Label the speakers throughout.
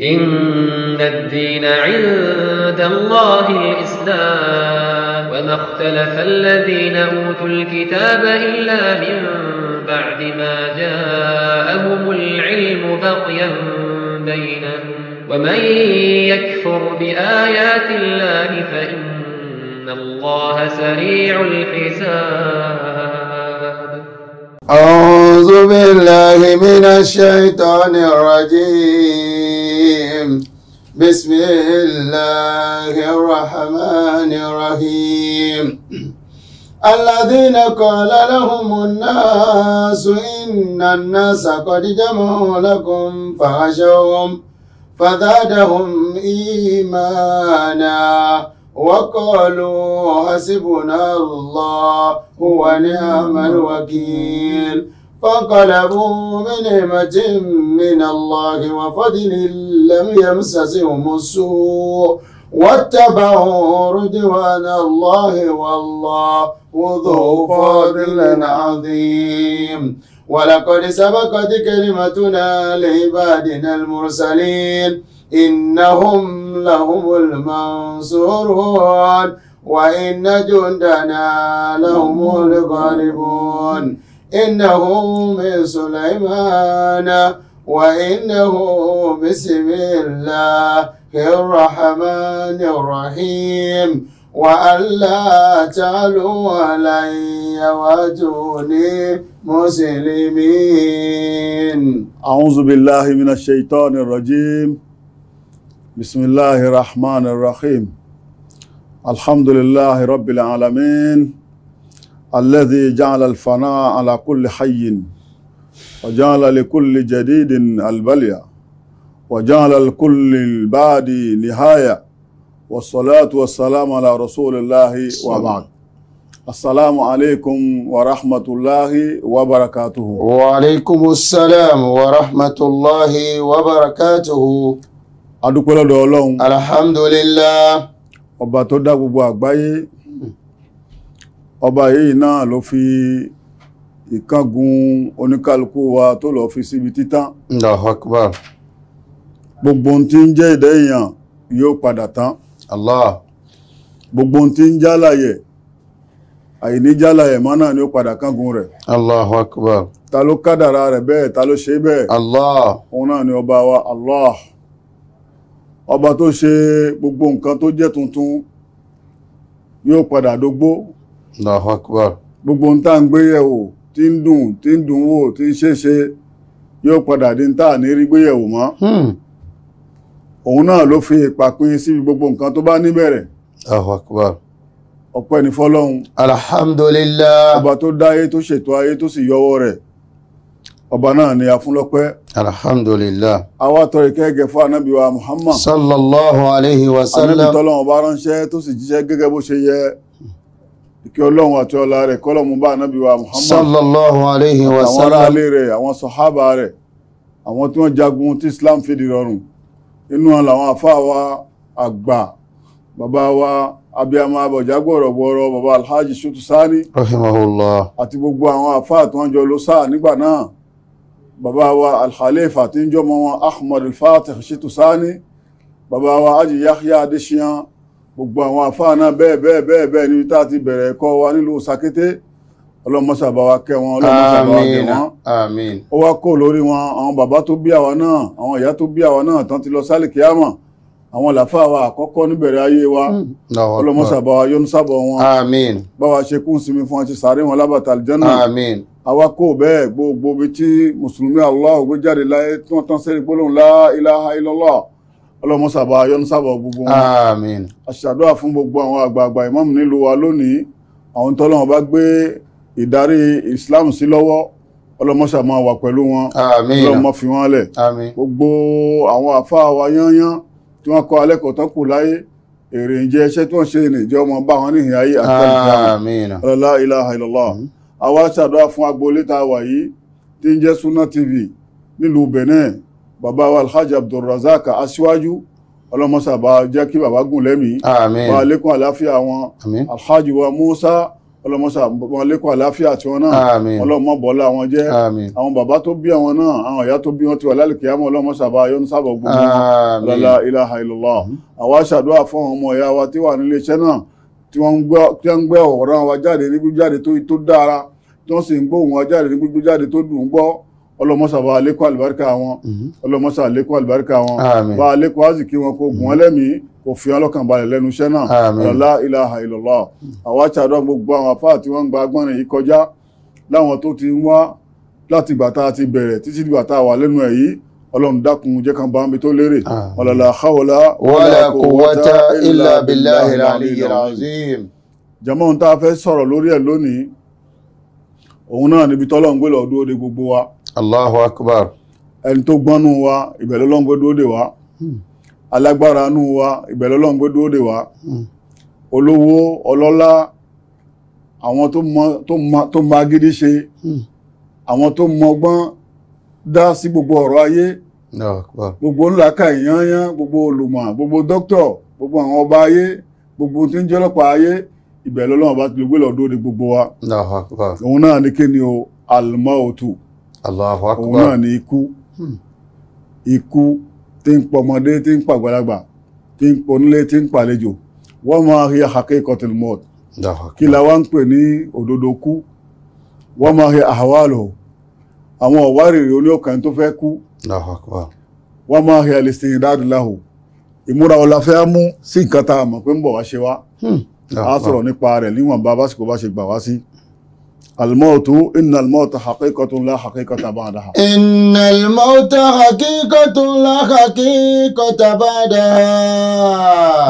Speaker 1: إن الدين عند الله الإسلام وما اختلف الذين أوتوا الكتاب إلا من بعد ما جاءهم العلم بقيا بينهم ومن يكفر بآيات الله فإن الله سريع الحساب أعوذ بالله من الشيطان الرجيم الرحيم بسم الله الرحمن الرحيم الذين قال لهم الناس إن الناس قد جمعوا لكم فخشوهم فزادهم إيمانا وقالوا حسبنا الله هو نعم الوكيل فانقلبوا بنعمة من الله وفضل لم يمسسهم السوء واتبعوا رضوان الله والله ذو فضل عظيم ولقد سبقت كلمتنا لعبادنا المرسلين إنهم لهم المنصورون وإن جندنا لهم الغالبون إنه من سليمان وإنه بسم الله الرحمن الرحيم وأن لا تعلوا علي واتوني مسلمين أعوذ بالله من الشيطان الرجيم بسم الله الرحمن الرحيم الحمد لله رب العالمين الذي جعل الفناء على كل حي وجعل لكل جديد البلية وجعل لكل البادي نهاية والصلاة والسلام على رسول الله وبعد السلام عليكم ورحمة الله وبركاته وعليكم السلام ورحمة الله وبركاته adúpẹ́ lọ́dọ̀ ọlọ́run ọba tó dá gbogbo àgbáyé ọba yìí náà ló fi ìkángun oníkálukú wa tó lọ fi síbi títán. Allahu Akbar. gbogbo ohun tí ń jẹ́ ìdẹ́ èèyàn yóò padà tán. Allah. gbogbo ohun tí ń jálàyẹ̀ àìní jálàyẹ̀ mọ́ náà ni ó padà kángun rẹ̀. Allahu ta ló kádàrá rẹ̀ bẹ́ẹ̀ ta ló ṣe bẹ́ẹ̀. Allah. òun náà ni ọba wa Allah. ọba tó ṣe gbogbo nǹkan tó jẹ́ tuntun yóò padà dógbó Allahu Akbar. gbogbo ń tá à ń gbé yẹ̀wò tí ń dùn tí ń dùn wò tí ń ṣeéṣe yóò padà di ń tá à ní rí gbé yẹ̀wò mọ́. Hmm. òun náà ló fi ìpàpín síbi gbogbo nǹkan tó bá níbẹ̀rẹ̀. Allahu Akbar. ọpẹ́ ni fọ́lọ́hun. alhamdulillah. ọba tó dáyé tó ṣètò ayé tó sì yọwọ́ rẹ̀ ọba náà ni a fún àwa tọrọ ìkẹ́ fún anábì muhammad. sallallahu alayhi wa sallam. anábì tọ́lọ́wọ́n bá ránṣẹ́ tó sì jíṣẹ́ gẹ́gẹ́ bó ṣe yẹ ìkẹ́ ọlọ́run àti ọlá rẹ̀ kọ́lọ́mù bá ànábì wa Muhammad sallallahu alayhi wa sallam àwọn aráalé rẹ̀ àwọn sọ̀hábà rẹ̀ àwọn tí wọ́n jagun tí Islam fi di rọrùn inú wọn làwọn àfáà wa àgbà bàbá wa abiyama abọ̀jágbọ̀rọ̀gbọ̀rọ̀ bàbá alhaji Shittu Sani àti gbogbo àwọn àfáà tí wọ́n jọ lọ sáà nígbà náà bàbá wa alhalefa tí ń jọmọ wọn Ahmad fatih Shittu Sani bàbá wa Haji Yahya gbogbo àwọn àfáà náà bẹ́ẹ̀ bẹ́ẹ̀ bẹ́ẹ̀ bẹ́ẹ̀ níbi tá a ti bẹ̀rẹ̀ ẹ̀kọ́ wa nílùú Sàkété ọlọ́mọsàbá wa kẹ́ wọn ọlọ́mọsàbá wa kẹ́ wọn àmín ó wá kó lórí wọn àwọn bàbá tó bí àwa náà àwọn ìyá tó bí àwa náà tán ti lọ sálì kíámọ̀ àwọn làfáà wa àkọ́kọ́ níbẹ̀rẹ̀ ayé wa hmm, ọlọ́mọsàbá wa yọ́nú sábọ̀ wọn àmín bá wa ṣe kún sinmi fún ọ ti sàárè wọn lábàtà àlìjọ́nà àmín àwa kó bẹ́ẹ̀ gbogbo ibi tí mùsùlùmí Allah ògbé jáde láyé tí wọ́n tán sẹ́rí gbólóhùn la ilaha illallah ọlọ́mọ sábà yọ́nú sábà gbogbo wọn. àmín. àṣàdúrà fún gbogbo àwọn àgbààgbà ìmáàmù nílùú wa lónìí àwọn tọ́lọ́wọ́n bá gbé ìdarí Islam sí lọ́wọ́ ọlọ́mọ sábà wà pẹ̀lú wọn. àmín. ọlọ́mọ fi wọn lẹ̀. àmín. gbogbo àwọn àfáà wa yányán tí wọ́n kọ́ alẹ́kọ̀ọ́ tó kù láyé èrè ìjẹ́ iṣẹ́ tí wọ́n ṣe ìrìnjẹ́ ọmọ bá wọn níhìn ayé àtàlùkà. la ilaha illallah. àwa mm-hmm. ṣàdúrà fún agboolé tá bàbá wa alhaji abdulrasaq aṣíwájú ọlọ́mọṣà bá jẹ́ kí bàbá gùn lẹ́mìí àmín bá lékún àláfíà wọn àmín alhaji wa musa ọlọ́mọṣà bá lékún àláfíà tiwọn náà àmín ọlọ́mọbọ̀lá wọn jẹ́ àmín àwọn bàbá tó bí àwọn náà àwọn ìyá tó bí wọn ti wà lálùkì àmọ́ ọlọ́mọṣà bá yọ́nú sábà gbogbo wọn la ilaha illallah àwa ṣàdúrà fún àwọn ọmọ ìyá wa tí wà nílé iṣẹ́ náà tí wọ́n ń gbẹ́ ọ̀rọ̀ wa jáde ní jáde tó dára tí wọ́n sì ń gbóhùn wa jáde ní jáde tó dùn ún gbọ́ ọlọmọsà bá alékún àlùbáríkà wọn mhm. ọlọmọsà alékún àlùbáríkà wọn bá alékún àzìkí wọn kó gùn ẹlẹ́mìí kò fi wọn lọ́kàn balẹ̀ lẹ́nu iṣẹ́ náà ọ̀làlá ilaha illallah mhm. àwọn àṣàdọ́ gbogbo àwọn àfáà tí wọ́n ń gba agbọ́nrin yìí kọjá láwọn tó ti ń wá láti ìgbà tá a ti bẹ̀rẹ̀ títí ìgbà tá a wà lẹ́nu ẹ̀ yìí ọlọ́run dákun jẹ́ kan bá ń bi tó lérè ọ̀làlá hawla wala quwwata illa billahil aliyyil Allahu akbar. ẹni tó gbọ́nú wa ìbẹ̀lẹ́ Ọlọ́run dè wá alágbára nú wa ìbẹ̀lẹ́ Ọlọ́run gbé dúró dè wá hmm. hmm. olówó ọlọ́lá àwọn tó ma agídí ṣe hmm. àwọn tó mọgbọ́n dá sí gbogbo ọ̀rọ̀ ayé gbogbo ńláka ìyányán gbogbo olùmọ̀ gbogbo dókítọ̀ gbogbo àwọn ọba ayé gbogbo tí ń jẹ́ ọlọ́pàá ayé ìbẹ̀lẹ́ Ọlọ́run bá gbogbo wa òun náà ní kí ni o almautu. Allahu akbar òun náà ni ikú hmm. ikú tí ń pa ọmọdé tí ń pa àgbàlagbà tí ń pa onílé tí ń pa àlejò wọ́n máa rí haqiqatul maut kí la wá ń pè ní òdodo kú wọ́n máa rí ahwalu àwọn ọ̀wárìrì oníọ̀kan tó fẹ́ kú wọ́n máa rí al-istidad lahu ìmúra ọ̀la fẹ́ mú sí nǹkan tá a mọ̀ pé ń bọ̀ wá ṣe wá hmm. a sọ̀rọ̀ nípa rẹ̀ níwọ̀n bá básìkò bá ṣe gbà wá sí. الموت إن الموت حقيقة لا حقيقة بعدها إن الموت حقيقة لا حقيقة بعدها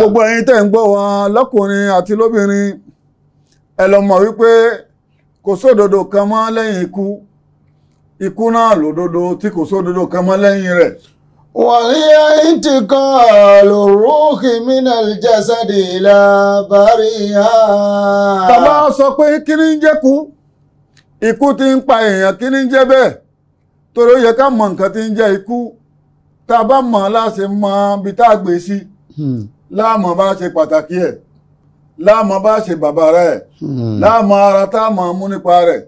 Speaker 1: gbogbo ẹ̀yin tẹ́ ń gbọ́ wa lọ́kùnrin àti lóbìnrin ẹ lọ mọ̀ wípé kò sódodo kan mọ́ lẹ́yìn ikú ikú náà lòdodo tí kò sódodo kan mọ́ lẹ́yìn rẹ̀. وهي انتقال الروح من الجسد إلى بريها. bàbá sọ pé kí ni ń jẹ́kùn. ikú ti ń pa èèyàn kí ní jẹ́ bẹ́ẹ̀ torí ó yẹ ká mọ nǹkan tí ń jẹ́ ikú tá a bá mọ̀ láṣẹ mọ ibi tá a gbé sí hmm. láàmọ̀ bá ṣe pàtàkì hmm. ara tá a mọ̀ mú nípa rẹ̀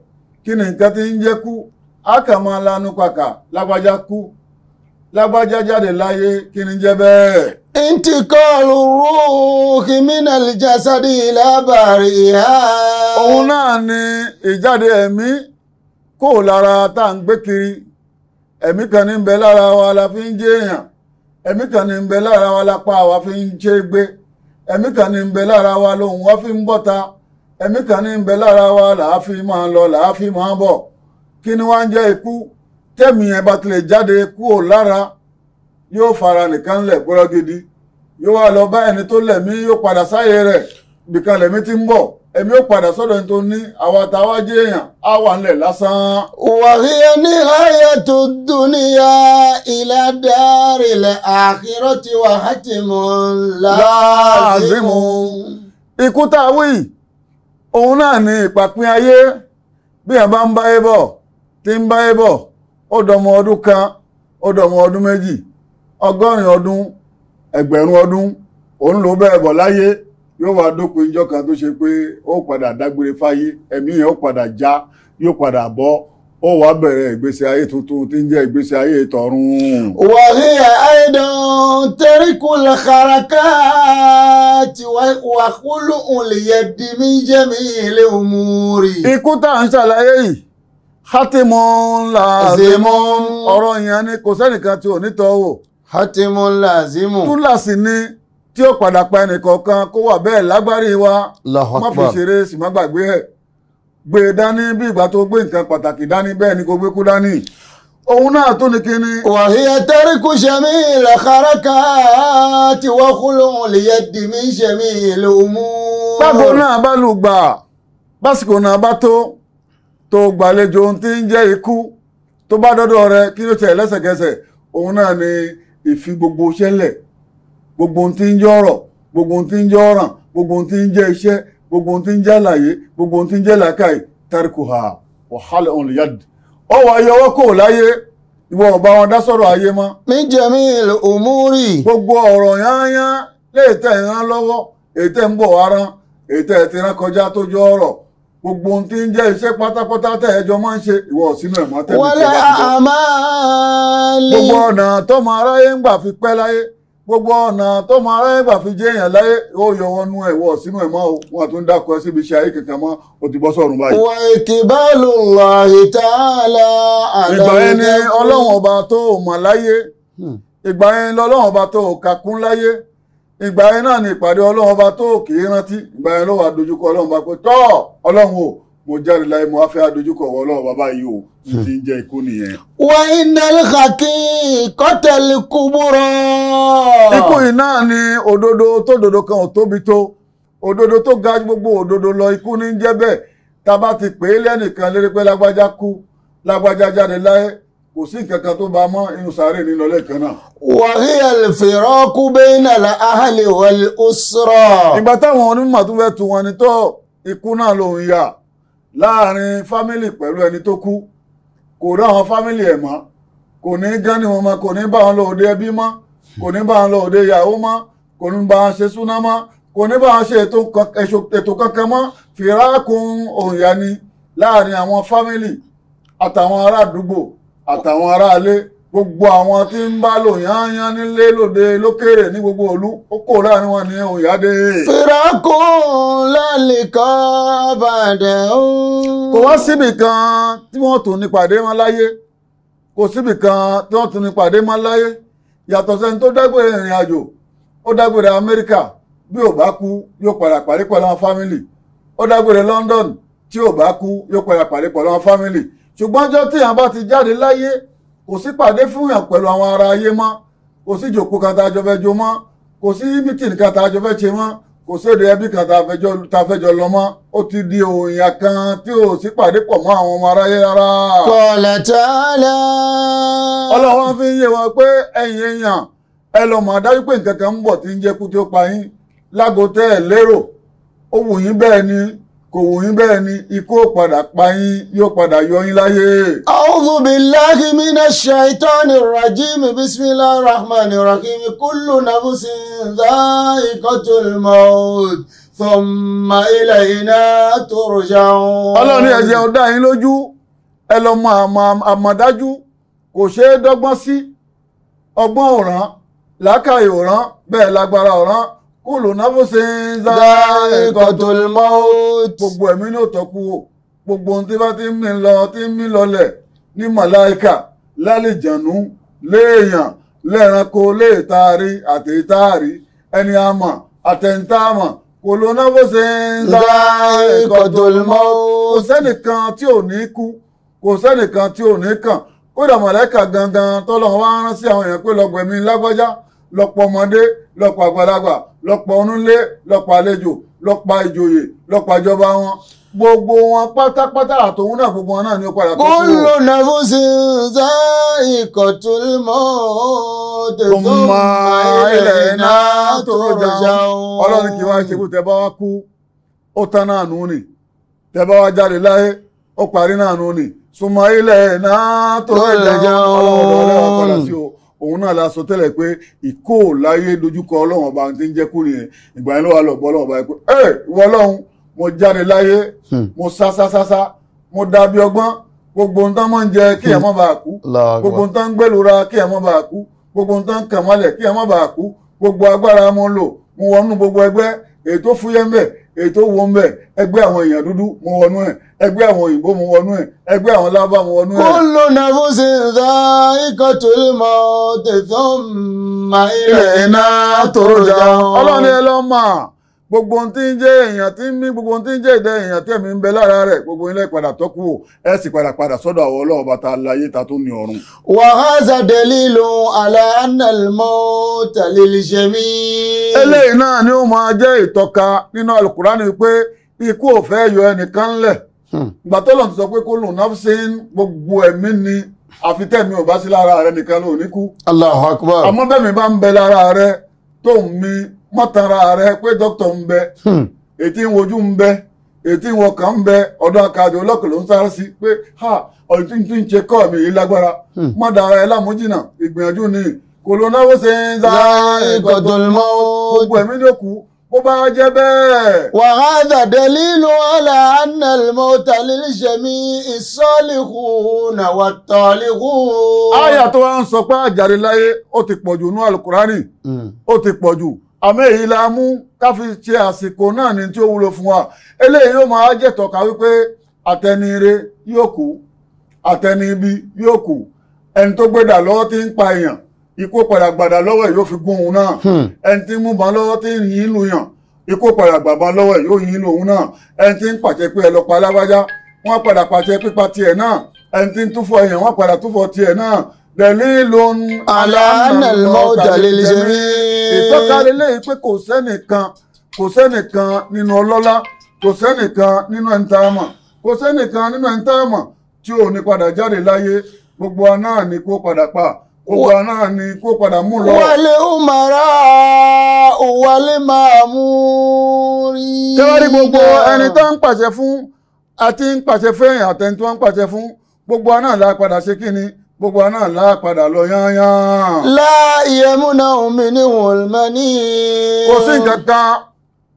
Speaker 1: kí ti nǹkan ku ń jẹ́ kú kàn máa lanu pàkà lágbájá kú lágbájá jáde láyé kí ní intikọ́lù rúùkì mínàlì jásádì lábàárí ha. òun náà ni ìjáde ẹ̀mí kò lára tá à ń gbé kiri ẹ̀mí kan ní ń bẹ lára wa la fi ń jẹ́ ẹ̀mí kan ní bẹ lára wa la pa àwa fi ń jẹ́ gbé ẹ̀mí kan ní bẹ lára wa lòun wá fi ń bọ́ta ẹ̀mí kan ní ń bẹ lára wa làá fi máa lọ làá fi máa bọ̀ kí ni wá ń jẹ́ ikú tẹ́mi yẹn bá tilẹ̀ jáde kúrò lára yóò fara nìkan lẹ̀ gbọ́rọ́ gidi yóò wá lọ bá ẹni tó lẹ̀mí yóò padà sáyé rẹ̀ nìkan lẹ̀mí ti ń bọ̀ ẹ̀mí ó padà sọ́dọ̀ ní tó ní àwọn àtàwọn jẹ́ èèyàn á wà ńlẹ̀ lásán. wàhíyá ní ayé tó dúníyà ilẹ̀ dárí lẹ̀ àkírọ́ ti wà á ti mú láàzímù. ikú tá a wí òun náà ní ìpàpín ayé bí ẹ bá ń báyé bọ̀ tí ń báyé bọ̀ ó dọmọ ọdún kan ó dọmọ ọdún méjì ọgọ́rin ọdún ẹgbẹ̀rún ọdún òun ló bẹ́ẹ̀ bọ̀ láyé yóò wá dópin ìjọ kan tó ṣe pé ó padà dágbére fáyé ẹ̀mí yẹn ó padà já yóò padà bọ́ ó wá bẹ̀rẹ̀ ìgbésí ayé tuntun tí ń jẹ́ ìgbésí ayé ìtọ̀run. wàhíyà àìdán tẹ́ríkùn lẹ́kàràkà tí wàhúlù òǹlẹ̀yẹ di mí jẹ́ mi ilé òmùrì. ikú tá à ń ṣàlàyé yìí hátìmọ́ ńlá ọ̀rọ̀ yẹn ni kò sẹ́nìkan tí ò ní tọ́ wò hatimu lazimu. túláàsì ni tí ó padà pa ẹnìkọ̀ọ̀kan kó wà bẹ́ẹ̀ lágbárí wa má fi ṣeré sì má gbàgbé ẹ̀ gbé e dání bí ìgbà tó gbé nǹkan pàtàkì dání bẹ́ẹ̀ ni kò gbé kú dání òun náà tó ní kíni. wàhíyà tẹ́ríkù ṣẹ̀mí ìlàkàràkà tí wọ́n kú lóhun lè yẹ dìmí ṣẹ̀mí ìlú mú. báwo náà bá lù gbà básìkò náà bá tó tó gbàlejò ohun tí ń jẹ́ ikú tó bá dọ́dọ̀ rẹ kí ló ṣe lẹ́sẹ̀kẹsẹ̀ òun náà ni ìfi gbogbo ṣẹlẹ̀ gbogbo ohun tí ń jẹ́ ọ̀rọ̀ gbogbo ohun tí ń jẹ́ ọ̀ràn gbogbo ohun tí ń jẹ́ iṣẹ́ gbogbo ohun tí ń jẹ́ àlàyé gbogbo ohun tí ń jẹ́ làákàyè tarikuha wàhálà òun lè yàdì ọwọ́ ayé ọwọ́ kò láyé ìwọ ọba wọn dá sọ̀rọ̀ ayé mọ́. mi jẹ̀mí òmùrì. gbogbo ọ̀rọ̀ yányán lè tẹ̀ ìran lọ́wọ́ ètè ń bọ̀ wá rán ètè ìtìran kọjá tó jọ ọ̀rọ̀ gbogbo ohun tí ń jẹ́ iṣẹ́ pátápátá tẹ́ ẹjọ́ máa ń ṣe ìwọ sínú ẹ̀ tẹ́lẹ̀ tí wọ́n ti gbogbo ọ̀nà tọ́mọ aráyé ń gbà fi pẹ́ láyé gbogbo ọ̀nà tọ́mọ aráyé ń gbà fi jẹ́ èèyàn láyé ó yọ wọnú ẹ̀ wọ̀ sínú ẹ̀ o wọn tún síbi iṣẹ́ ayé mọ́ o ti bọ́ sọ̀rùn báyìí. wà ìgbà ìgbà yẹn náà ni ìpàdé ọlọ́run ọba tó kì rántí ìgbà yẹn ló wà ọlọ́run ọba pé tọ́ ọlọ́run o mo jáde láì mo wá fẹ́ ọlọ́run bàbá yìí o ti ń jẹ́ ikú nìyẹn. wà innal haqiqatal kubra. ikú yìí náà ni òdodo tó dodo kan ò tóbi tó òdodo tó ga gbogbo òdodo lọ ikú ní jẹ́ bẹ́ẹ̀ tá a bá ti pè é lẹ́nìkan lérí pé lágbájá kú lágbájá jáde láyé kò sí nǹkan kan tó ba mọ́ inú sàárè nínú ọlẹ́kan náà. wàhí àlùfẹ́rọ́ kú bẹ́ẹ̀nà la ahàlẹ̀ wal ìgbà táwọn onímọ̀ tó fẹ́ tu wọn ni tó ikú náà lòun yà láàrin fámìlì pẹ̀lú ẹni tó kú kò rí àwọn fámìlì ẹ̀ mọ́ kò ní gán ní wọn mọ́ kò ní bá wọn lọ òde ẹbí mọ́ kò ní bá wọn lọ òde ìyàwó mọ́ kò ní bá wọn ṣe súná mọ́ kò ní bá wọn ṣe ètò kankan mọ́ fìrà kún ni láàrin àwọn fámìlì àtàwọn ará àdúgbò àtàwọn aráalé gbogbo àwọn tí ń bá lò yányán nílé lóde lókèrè ní gbogbo òlu ó kó láàrin wọn ní òyàdé. fìràkù lálẹ́ kọ́ bàdẹ̀ o. kò wá síbì kan tí wọ́n tún ní pàdé mọ́ láyé kò síbì kan tí wọ́n tún ní pàdé mọ́ láyé yàtọ̀ sẹ́ni tó dágbére ìrìn àjò ó dágbére Amẹ́ríkà bí ò bá kú yóò padà pàdé pẹ̀lú àwọn fámìlì ó dágbére London tí ò bá kú yóò padà pàdé pẹ̀lú àwọn fámìlì ṣùgbọ́n ọjọ́ tí èèyàn bá ti jáde láyé kò sí pàdé fún èèyàn pẹ̀lú àwọn ará ayé mọ́ kò sí ìjókòó kan tá a jọ fẹ́ jó mọ́ kò sí mítìn kan tá a jọ fẹ́ ṣe mọ́ kò séde ẹbí kan tá a fẹ́ jọ lọ mọ́ ó ti di òòyàn kan tí ò sí pàdé pọ̀ mọ́ àwọn ọmọ aráyé rárá. kọ̀lẹ̀ tẹ́lẹ̀. fi ń yé wọn pé ẹ̀yin èèyàn ẹ lọ mọ̀ dájú pé nǹkan kan ń bọ̀ tí ń jẹ́ kú tí ó pa yín lágbo ẹ̀ lérò ó wù yín bẹ́ẹ̀ ni kò wù yín bẹ́ẹ̀ ni ikú ò padà pa yín yóò padà yọ yín láyé. a'udhu billahi minash shaitanir rajim bismillahir rahmanir rahim kullu nafsin dha'iqatul maut thumma ilayna turja'un. ọlọ́run ẹ jẹ́ ó yín lójú ẹ lọ mọ àmọ̀dájú kò ṣeé dọ́gbọ́n sí ọgbọ́n ọ̀ràn làákàyè ọ̀ràn bẹ́ẹ̀ lágbára ọ̀ràn kúlù náfún sí zá ikọ̀ tó lè mọ́ ó. gbogbo ẹ̀mí ní òtọ́kù o gbogbo ohun tí bá ti ń mí lọ ti ń mí lọlẹ̀ ní màláìkà lálejànú léèyàn lẹ́ranko léètaari àti ìtaari ẹni àmọ̀ àtẹ̀ntàmọ̀ kò ló náfún sí zá ikọ̀ tó lè mọ́ ó. kò sẹ́nìkan tí ò ní kú kò sẹ́nìkan tí ò ní kàn kódà màláìkà gangan tọ́lọ́ wa rán sí àwọn èèyàn pé lọ́gbẹ̀mí lágbájá lọ́pọ̀ ọmọdé lọ́pọ̀ àgbàlagbà lọ́pọ̀ onílé lọ́pọ̀ àlejò lọ́pọ̀ ìjòyè lọ́pọ̀ àjọba wọn gbogbo wọn pátápátá àtòun náà gbogbo wọn náà ni ó padà kó kúrò. kúlò náà fún sí ṣá ikọ̀ tó lè mọ́ ọ́ tó máa ilẹ̀ náà tó jà ọ́. ọlọ́run kì í wá ṣe kú bá wá kú ó tán náà nù ní tẹ́ bá wá jáde láyé ó parí náà nù ní súnmọ́ ilẹ̀ náà tó jà ọ́ náà la sọ tẹ́lẹ̀ pé ìkó láyé dojúkọ ọlọ́run ọba tí ń jẹ́ kú nìyẹn ìgbà yẹn ló wà lọ́bọ̀ ọlọ́run ọba yẹn pé ẹ ìwọ ọlọ́run mo jáde láyé hmm. mo sá sá sá sá mo dàbí ọgbọ́n gbogbo nǹkan mọ̀ ń jẹ kí ẹ̀ hmm. mọ́ bàa kú gbogbo nǹkan ń gbẹ̀lúra kí ẹ̀ mọ́ bàa kú gbogbo nǹkan kàn mọ́lẹ̀ kí ẹ̀ mọ́ bàa kú gbogbo agbára mo lò mo wọnú gbogbo ẹgbẹ́ èyí tó fúyẹ́ ń bẹ̀ èyí tó wo ń bẹ̀ ẹgbẹ́ àwọn èèyàn dúdú mo wọnú ẹ̀ ẹgbẹ́ àwọn òyìnbó mo wọnú ẹ̀ ẹgbẹ́ àwọn lábá mo wọnú ẹ̀. kó ló na bó ṣe ń ikọ̀ tó lè mọ tẹ̀sán máa ilẹ̀ iná tó rọ̀ ọlọ́run ẹ lọ́ máa gbogbo ohun tí ń jẹ́ èèyàn tí ń mí gbogbo ohun tí ń jẹ́ ìdá èèyàn tí ẹ̀mí ń bẹ lára rẹ̀ gbogbo ilé ìpadà tó kù ẹ̀ sì padà padà sọ́dọ̀ àwọn ọlọ́ọ̀bá ta láyé ta tó ní ọ̀run. wàhálà dalilu ala anal mauta lil jami. eléyìí náà ni ó máa jẹ́ ìtọ́ka nínú alukurani pé ikú ò fẹ́ yọ ẹnìkan lẹ̀. Hmm. ìgbà tó lọ́n ti sọ pé kó lù nafsin gbogbo ẹ̀mí ni àfi tẹ̀mí akbar. àmọ́ mi bá ń bẹ mi mọ́tara rẹ pé dókítà ń bẹ ètí hmm. ń wojú ń bẹ ètí wọn kàn ń bẹ ọ̀dọ̀ àkàdé ọlọ́kọ̀ ló ń sáré sí pé ha ọ̀rọ̀ tí ń ṣe kọ́ mi yìí lágbára mọ́tara hmm. ẹ lámújìnà ìgbìyànjú ni kòlónáwó ṣe ń za ìgbàdọ̀lmọ́ gbogbo ẹ̀mí ló kù bó bá jẹ́ bẹ́ẹ̀. wàhálà dalilu ala anna al-mawta lil jami'i as-salihuna wat-talihun. àyà tó wá ń sọ pé àjàre láyé ó ti pọ̀jù nú alukurani hmm. ó ti pọ̀jù àmọ́ èyí la mú ká fi ṣe àsìkò náà ní tí ó wúlò fún wa eléyìí yóò máa jẹ́ tọ́ka wípé àtẹnire yóò kú àtẹni ibi yóò kú ẹni tó gbédà lọ́wọ́ tí ń pa èèyàn ikú padà gbàdà lọ́wọ́ ẹ̀ yóò fi gún òun náà hmm. ẹni tí ń mú bàn lọ́wọ́ tí ń yín lu yàn ikú padà gbàbọn lọ́wọ́ ẹ̀ yóò yín lu òun náà ẹni tí ń pàṣẹ pé ẹ lọ pa alágbájá wọ́n padà pàṣẹ pípa tiẹ̀ náà ẹni tí ń túfọ̀ èèyàn wọ́n padà túfọ̀ tiẹ̀ náà dalilun ala anal mawta lil ìtọ́ka lélẹ́yìí pé kò sẹ́nìkan kò sẹ́nìkan nínú ọlọ́lá kò sẹ́nìkan nínú ẹ̀ńtàmọ̀ kò sẹ́nìkan nínú ẹ̀ńtàmọ̀ tí ò ní padà jáde láyé gbogbo aná ni kó padà pa gbogbo aná ni kó padà mú lọ. wálé umara wálé máa mú rí. kẹ́wárí gbogbo ẹni tó ń pàṣẹ fún àti ń pàṣẹ fẹ́yìn àtẹni tó ń pàṣẹ fún gbogbo aná la padà ṣe kí ni gbogbo náà láàpadà lọ yányán. láàyè múná omi ní wòlmẹ́ ní. kò sí nǹkan kan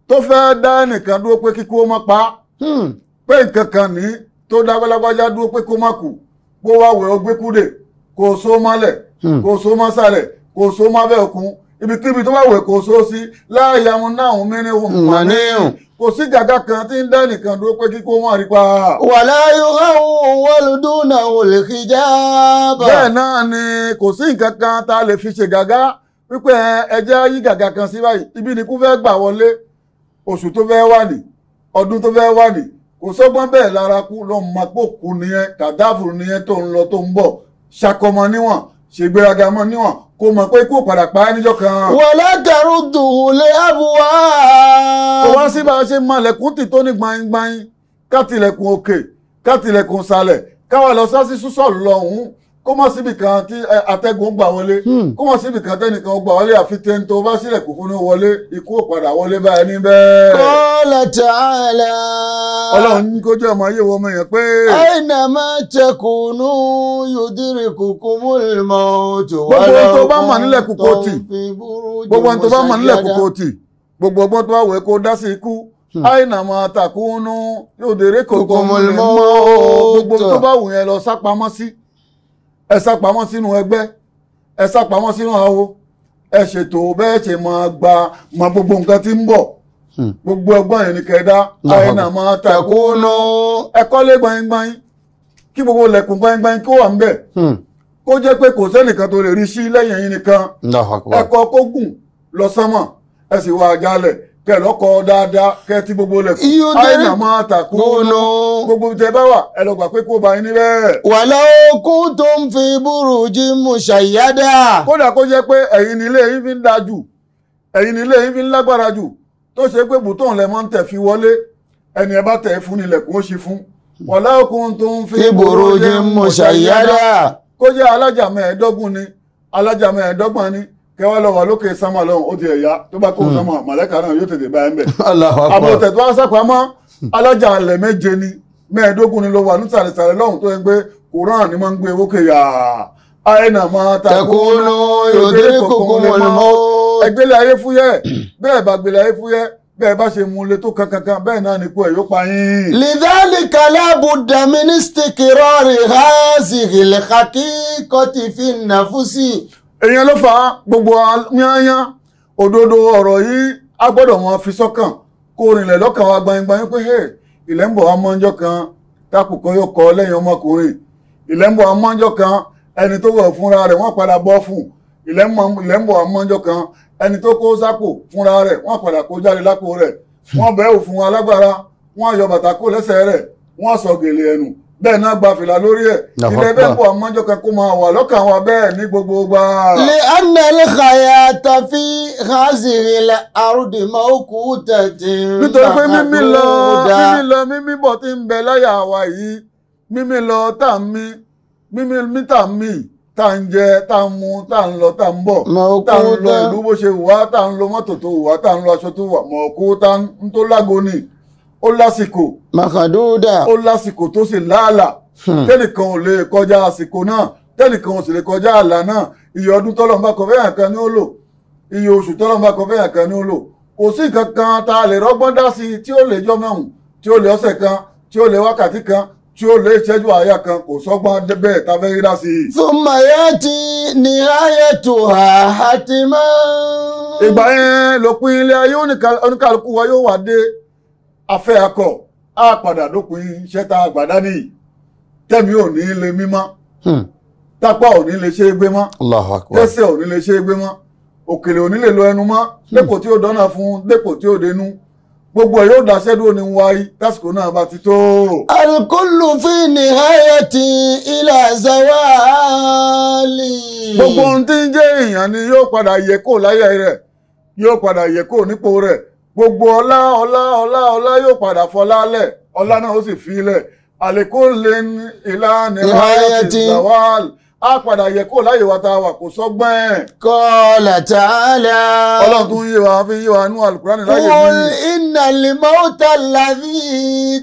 Speaker 1: tó fẹ́ dá ẹnìkan dúró pé kíkú ó má pa hmm. pé nǹkan kan ní tó dá gbálágbájá dúró pé kó má kú kó wá wẹ̀ ó gbé kúdè kó so mọ́lẹ̀ hmm. kó so mọ́sàlẹ̀ kó so mọ́bẹ̀ òkun ibikíbi tó bá wẹ̀ kó so sí láàyè múná omi ní wòlmẹ́ ní kò sí gàgà kan tí ń dá nìkan dúró pé kíkó wọn rí pa. wàlá yóò wọlùdúnà òlè kíjà bá. bẹ́ẹ̀ náà ni kò sí nǹkan kan tá a lè fi ṣe gàgà wípé ẹjẹ́ yí gàgà kan sí báyìí ibi ni kú fẹ́ gbà wọlé oṣù tó fẹ́ wà ní ọdún tó fẹ́ wà ní kò sọ́gbọ́n bẹ́ẹ̀ lára kú lọ́ọ́ pòkú nìyẹn kàdáfù nìyẹn tó ń lọ tó ń bọ̀ ṣàkọmọ níwọ̀n ṣègbéraga mọ́ níwọ̀n kó mọ̀ pé kó padà pa á níjọ́ kan. wọlé kẹrù dùn lé àbúwá. kò wá sí ṣe mọ ilẹ̀kùn tó ní gbanyin ká tilẹ̀kùn òkè ká tilẹ̀kùn sàlẹ̀ káwa lọ sásí súsọ̀ lọ́hùn kó mọ̀ síbi kan tí atẹ́gùn gbà wọlé hmm. kó mọ̀ síbi kan tẹ́nìkan gbà wọlé àfi tẹ́ni tó bá sílẹ̀ kò fúnú wọlé ikú ò wọlé báyìí ní bẹ́ẹ̀. qala ta'ala. ọlọ́run ní kó jẹ́ ọmọ ayé wọ yẹn pé. aina ma takunu yudrikukumul mawtu. gbogbo ohun tó bá mọ̀ nílẹ̀ kókó tì gbogbo ohun tó bá mọ̀ nílẹ̀ kókó tì gbogbo ọgbọ́n tó bá wẹ̀ kó dá sí ikú àìnà máa takùnú yóò dèrè kòkòmọ̀lẹ́mọ́ gbogbo tó bá wù yẹn lọ sápamọ́ sí ẹ sá pamọ́ sínú ẹgbẹ́ ẹ sá pamọ́ sínú àwo ẹ ṣètò bẹ́ẹ̀ ṣe máa gba mọ gbogbo nǹkan tí ń bọ̀ hmm. gbogbo ọgbọ́n yẹn ni kẹ̀dá àyẹ̀nà máa takò lọ ẹ kọ́lé gbaingbain kí gbogbo lẹ̀kùn gbaingbain kó wà ń bẹ̀ hmm. kó jẹ́ pé kò sẹ́nìkan tó lè rí sí lẹ́yìn yín nìkan ẹ kọ́ kó gùn lọ sánmọ̀ ẹ sì wá jálẹ̀ kẹ lọkọ dáadáa kẹ tí gbogbo lẹkùn àìnà máa tàkó lọ gbogbo tẹ bá wà ẹ lọ gbà pé kó ba yín níbẹ̀. wàlá okun tó ń fi búrújì mú ṣàyádà. kódà kó jẹ́ pé ẹ̀yin nílé yín fi ń da jù ẹ̀yin nílé yín fi ń lágbára jù tó ṣe pé bùtọ́n lẹ máa ń tẹ̀ fi wọlé ẹni ẹ bá tẹ̀ fún ni lẹ̀kùn ó ṣe fún. wàlá okun tó ń fi búrújì mú ṣàyádà. kó jẹ́ alájà mẹ́ẹ̀ẹ́dọ́gbọ̀n ni alájà mẹ́ẹ̀ẹ́dọ́gbọ̀n ni kí wọ́n lọ wà lókè sánmà lọ́hùn ó ti ẹ̀yà tó bá kó hmm. sánmà màlẹ́kà náà yóò tètè bá ẹ̀ ń bẹ̀. àbọ̀tẹ̀ alájà alẹ̀ méje ni mẹ́ẹ̀ẹ́dógún ni ló wà nísàlẹ̀sàlẹ̀ lọ́hùn tó yẹ pé kòrán ni máa ń gbé e wókè yàá aina ma takunu yòdìrí kòkòrò mọ́. ẹgbẹ́lẹ̀ ayé fúyẹ́ bẹ́ẹ̀ bá gbẹ̀lẹ̀ ayé fúyẹ́ bẹ́ẹ̀ bá ṣe múlẹ̀ tó kankankan bẹ́ẹ̀ náà ni kú ẹ̀ yóò pa yín. lidali kalabu daministiki rọri hazi gilekaki kọtifin nafusi. èyàn ló fà gbogbo yányán òdodo ọ̀rọ̀ yìí a gbọ́dọ̀ wọn fi sọ́kàn kó rìnlẹ̀ lọ́kàn wa gbanyin-gbanyin pé ilẹ̀ kan tápù kan yóò kọ́ lẹ́yìn ọmọkùnrin ilẹ̀ ń kan ẹni tó wọ̀ fúnra rẹ̀ wọ́n padà bọ́ kan ẹni tó kó sápò fúnra rẹ̀ wọ́n padà kó jáde lápò rẹ̀ wọ́n òfin alágbára wọ́n ayọ̀ bẹ́ẹ̀ náà gba fìlà lórí ẹ̀ ilé bẹ́ẹ̀ bọ̀ ọmọjọ́ kan kó máa wà lọ́kàn wa bẹ́ẹ̀ ní gbogbo gbà. lè anẹ́lẹ́ kàyà tàfi haziri la arúdì máa ó kú tẹ̀tì. nítorí pé mímí lọ mímí lọ mímí bọ̀ tí ń bẹ láyà wa yìí mímí lọ tá a mí mímí mí tá a mí tá ń jẹ tá ń mu tá ń lọ tá ń bọ̀ tá ń lọ ìlú bó ṣe wà tá ń lọ mọ́tò tó wà tá ń lọ aṣọ tó wà mọ̀ọ́kú tá ń tó lágbo ni ó lásìkò. màkàdúdà. ó lásìkò tó sì láàlà. Hmm. tẹ́nìkan ò lè kọjá àsìkò náà tẹ́nìkan ò sì lè kọjá àlà náà iye ọdún tọ́lọ́mbà kan fẹ́yàn kan ní ó lò iye oṣù tọ́lọ́mbà kan fẹ́yàn kan ní ó lò kò sí nǹkan kan tá a lè rọ́gbọ́n dá sí tí ó lè jọ́ mẹ́hùn tí ó lè ọ̀sẹ̀ kan tí ó lè wákàtí kan tí ó lè ṣẹ́jú àyà kan kò sọ́gbọ́n bẹ́ẹ̀ tá a fẹ́ rí dá sí i. sùnmọ̀ yá ti ní ayé tó hà á ti ìgbà yẹn lópin ilé ayé oníkàlùkù wa yóò wà dé afẹ́ akọ á padà dópin iṣẹ́ tá a gbà dání tẹ̀mí ò ní lè mímọ́ hmm. tápá ò ní lè ṣe é gbé mọ́ tẹ́sẹ̀ ò ní lè ṣe é gbé mọ́ òkèlè ò ní lè lọ ẹnu mọ́ hmm. dépò tí ó dọ́nà fún dépò tí ó denú gbogbo ẹ̀ yóò dáṣẹ́ dúró ní wáyé tásìkò náà bá ti tó. alukólù fi ní hayati ilà zawali. gbogbo ohun tí ń jẹ́ èèyàn ni yóò padà yẹ kó láyé rẹ̀ yóò padà yẹ kó nípò rẹ̀ gbogbo ọlá ọlá ọlá ọlá yóò padà fọlá lẹ̀ ọlá náà ó sì fi lẹ̀ àlékún lè ní ìlànà ìráyẹ̀tì zawal a padà yẹ kó láyè wa ta wà kò sọ́gbọ́n ẹ̀. kọ́ọ̀lá tààlà. ọlọ́run tún yé wa fi yé wa nú alukurani láyè mi. kul iná limau talabi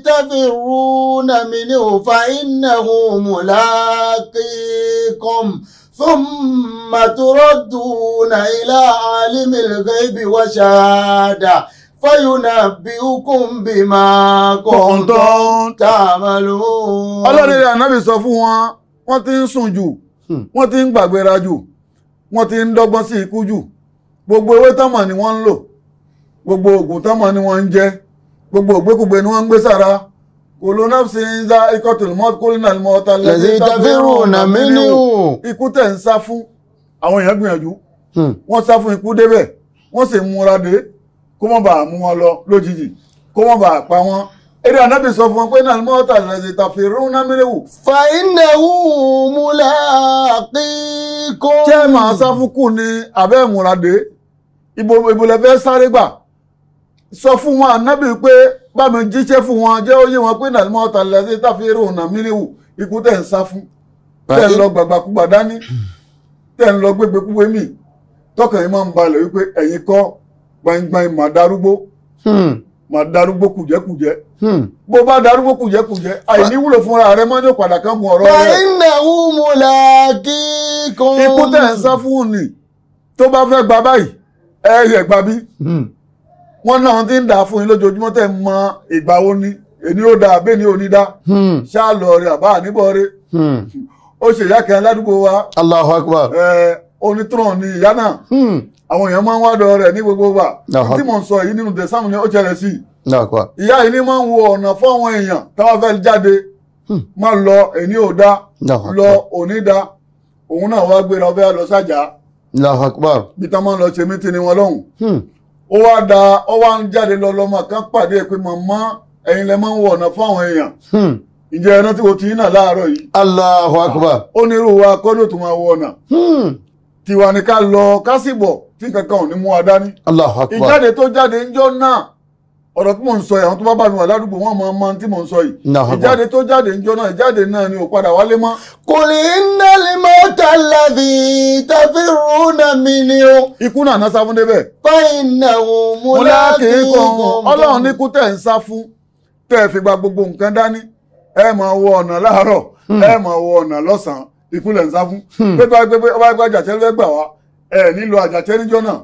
Speaker 1: tafi runa mi ni o fa iná homo lakikom. ثم تردون إلى عالم الغيب وشهادة fayunabbi'ukum bima kuntum ta'malun. ọlọ́run rẹ̀ ànábì sọ fún wọn wọ́n ti ń sùn jù hmm. wọ́n ti ń gbàgbéra jù wọ́n ti ń dọ́gbọ́n sí ikú jù gbogbo ewé tọ́mọ̀ ni wọ́n ń lò gbogbo oògùn tọ́mọ̀ ni wọ́n ń jẹ gbogbo ògbékùgbé ni wọ́n ń gbé sára kòló náà sì ń za ikọ̀ tòlùmọ́ kólínà mọ́ ọ̀tá nà mí níwò ikú tẹ̀ ń sá kó mọ̀ bá mú wọn lọ lójijì kó mọ̀ bá pa wọn eré anábì sọ fún wọn pé náà mọ́tà lẹ́sẹ̀ tàfi rún námírẹ́wù. fàínẹ̀wù múlẹ̀ àkíkó. ṣé màá sáfùkù ni abẹ́ ìmúradé ibo ìbòlẹ̀ fẹ́ sáré gbà sọ fún wọn anábì pé bá mi jíṣẹ́ fún wọn jẹ́ ó yé wọn pé náà mọ́tà lẹ́sẹ̀ tàfi rún námírẹ́wù ikú tẹ̀ ń sá fún tẹ̀ ń lọ gbàgbàkúgbà dání tẹ̀ ń lọ gbégbékúgbé mì tọkàn yìí máa ń balẹ̀ wípé ẹ̀yin kọ́ gbaingbain mà darúgbó hmm. mà darúgbó kùjẹ́kùjẹ́ hmm. bó bá darúgbó kùjẹ́kùjẹ́ àìní wúlò fúnra rẹ mọ́jọ́ padà kan mú ọ̀rọ̀ rẹ. ìnà wúmu là kí kún. ikú tẹ̀ ń sá fún ni tó bá fẹ́ gba báyìí ẹ yẹ gba bí. Hmm. wọ́n náà ti ń dà fún yín lójoojúmọ́ tẹ̀ mọ ìgbà wo ni èni ó da àbẹ́ni ò ní da ṣáà lọ rẹ àbá àníbọ̀ rẹ ó ṣèyá kẹrin ládùúgbò wa. Allahu Akbar. onítúràn ni ìyá náà hmm. àwọn èèyàn máa ń wá dọ̀ rẹ̀ ní gbogbo wa tí mò ń sọ yìí nínú dẹ̀sámù ni ó ṣẹlẹ̀ sí i ìyá yìí ni máa ń wo ọ̀nà fún àwọn èèyàn fẹ́ jáde hmm. máa lọ èní ò dá lọ òní dá òun náà wá gbéra ọbẹ̀ lọ sájà bí tá lọ ṣe mítí ni wọn lọ́hùn hmm. ó wá da ó wá ń jáde lọ lọ́mọ kan pàdé pé màmá ẹ̀yin lẹ máa ń ọ̀nà fún àwọn èèyàn ẹran tí o ti láàárọ̀ yìí. tiwa ni ká lọ kásìbọ̀ tí kankan ò ní mú wa dání. Allahu Akbar. ìjáde tó jáde ńjọ́ náà ọ̀rọ̀ tí mò ń sọ yìí àwọn tó bá bá mi wà wọn máa máa tí mò ń sọ yìí. ìjáde tó jáde ńjọ́ náà ìjáde náà ni ò padà wálé mọ́. qul innal mawta alladhi tafirruna minhu. ikú náà náà sá fún débẹ̀. fa innahu mulaqikum. ọlọ́run ní kú tẹ̀ ń sá fún tẹ̀ fìgbà gbogbo nǹkan dání ẹ máa wọ ọ̀nà láàárọ̀ hmm. ẹ máa wọ ọ̀nà lọ́sàn-án ìpínlẹ̀ ń sá fún hmm. pé bá gbé bá gbé àjàṣẹ́ fẹ́ gbà wá ẹ̀ nílò àjàṣẹ́ níjọ́ náà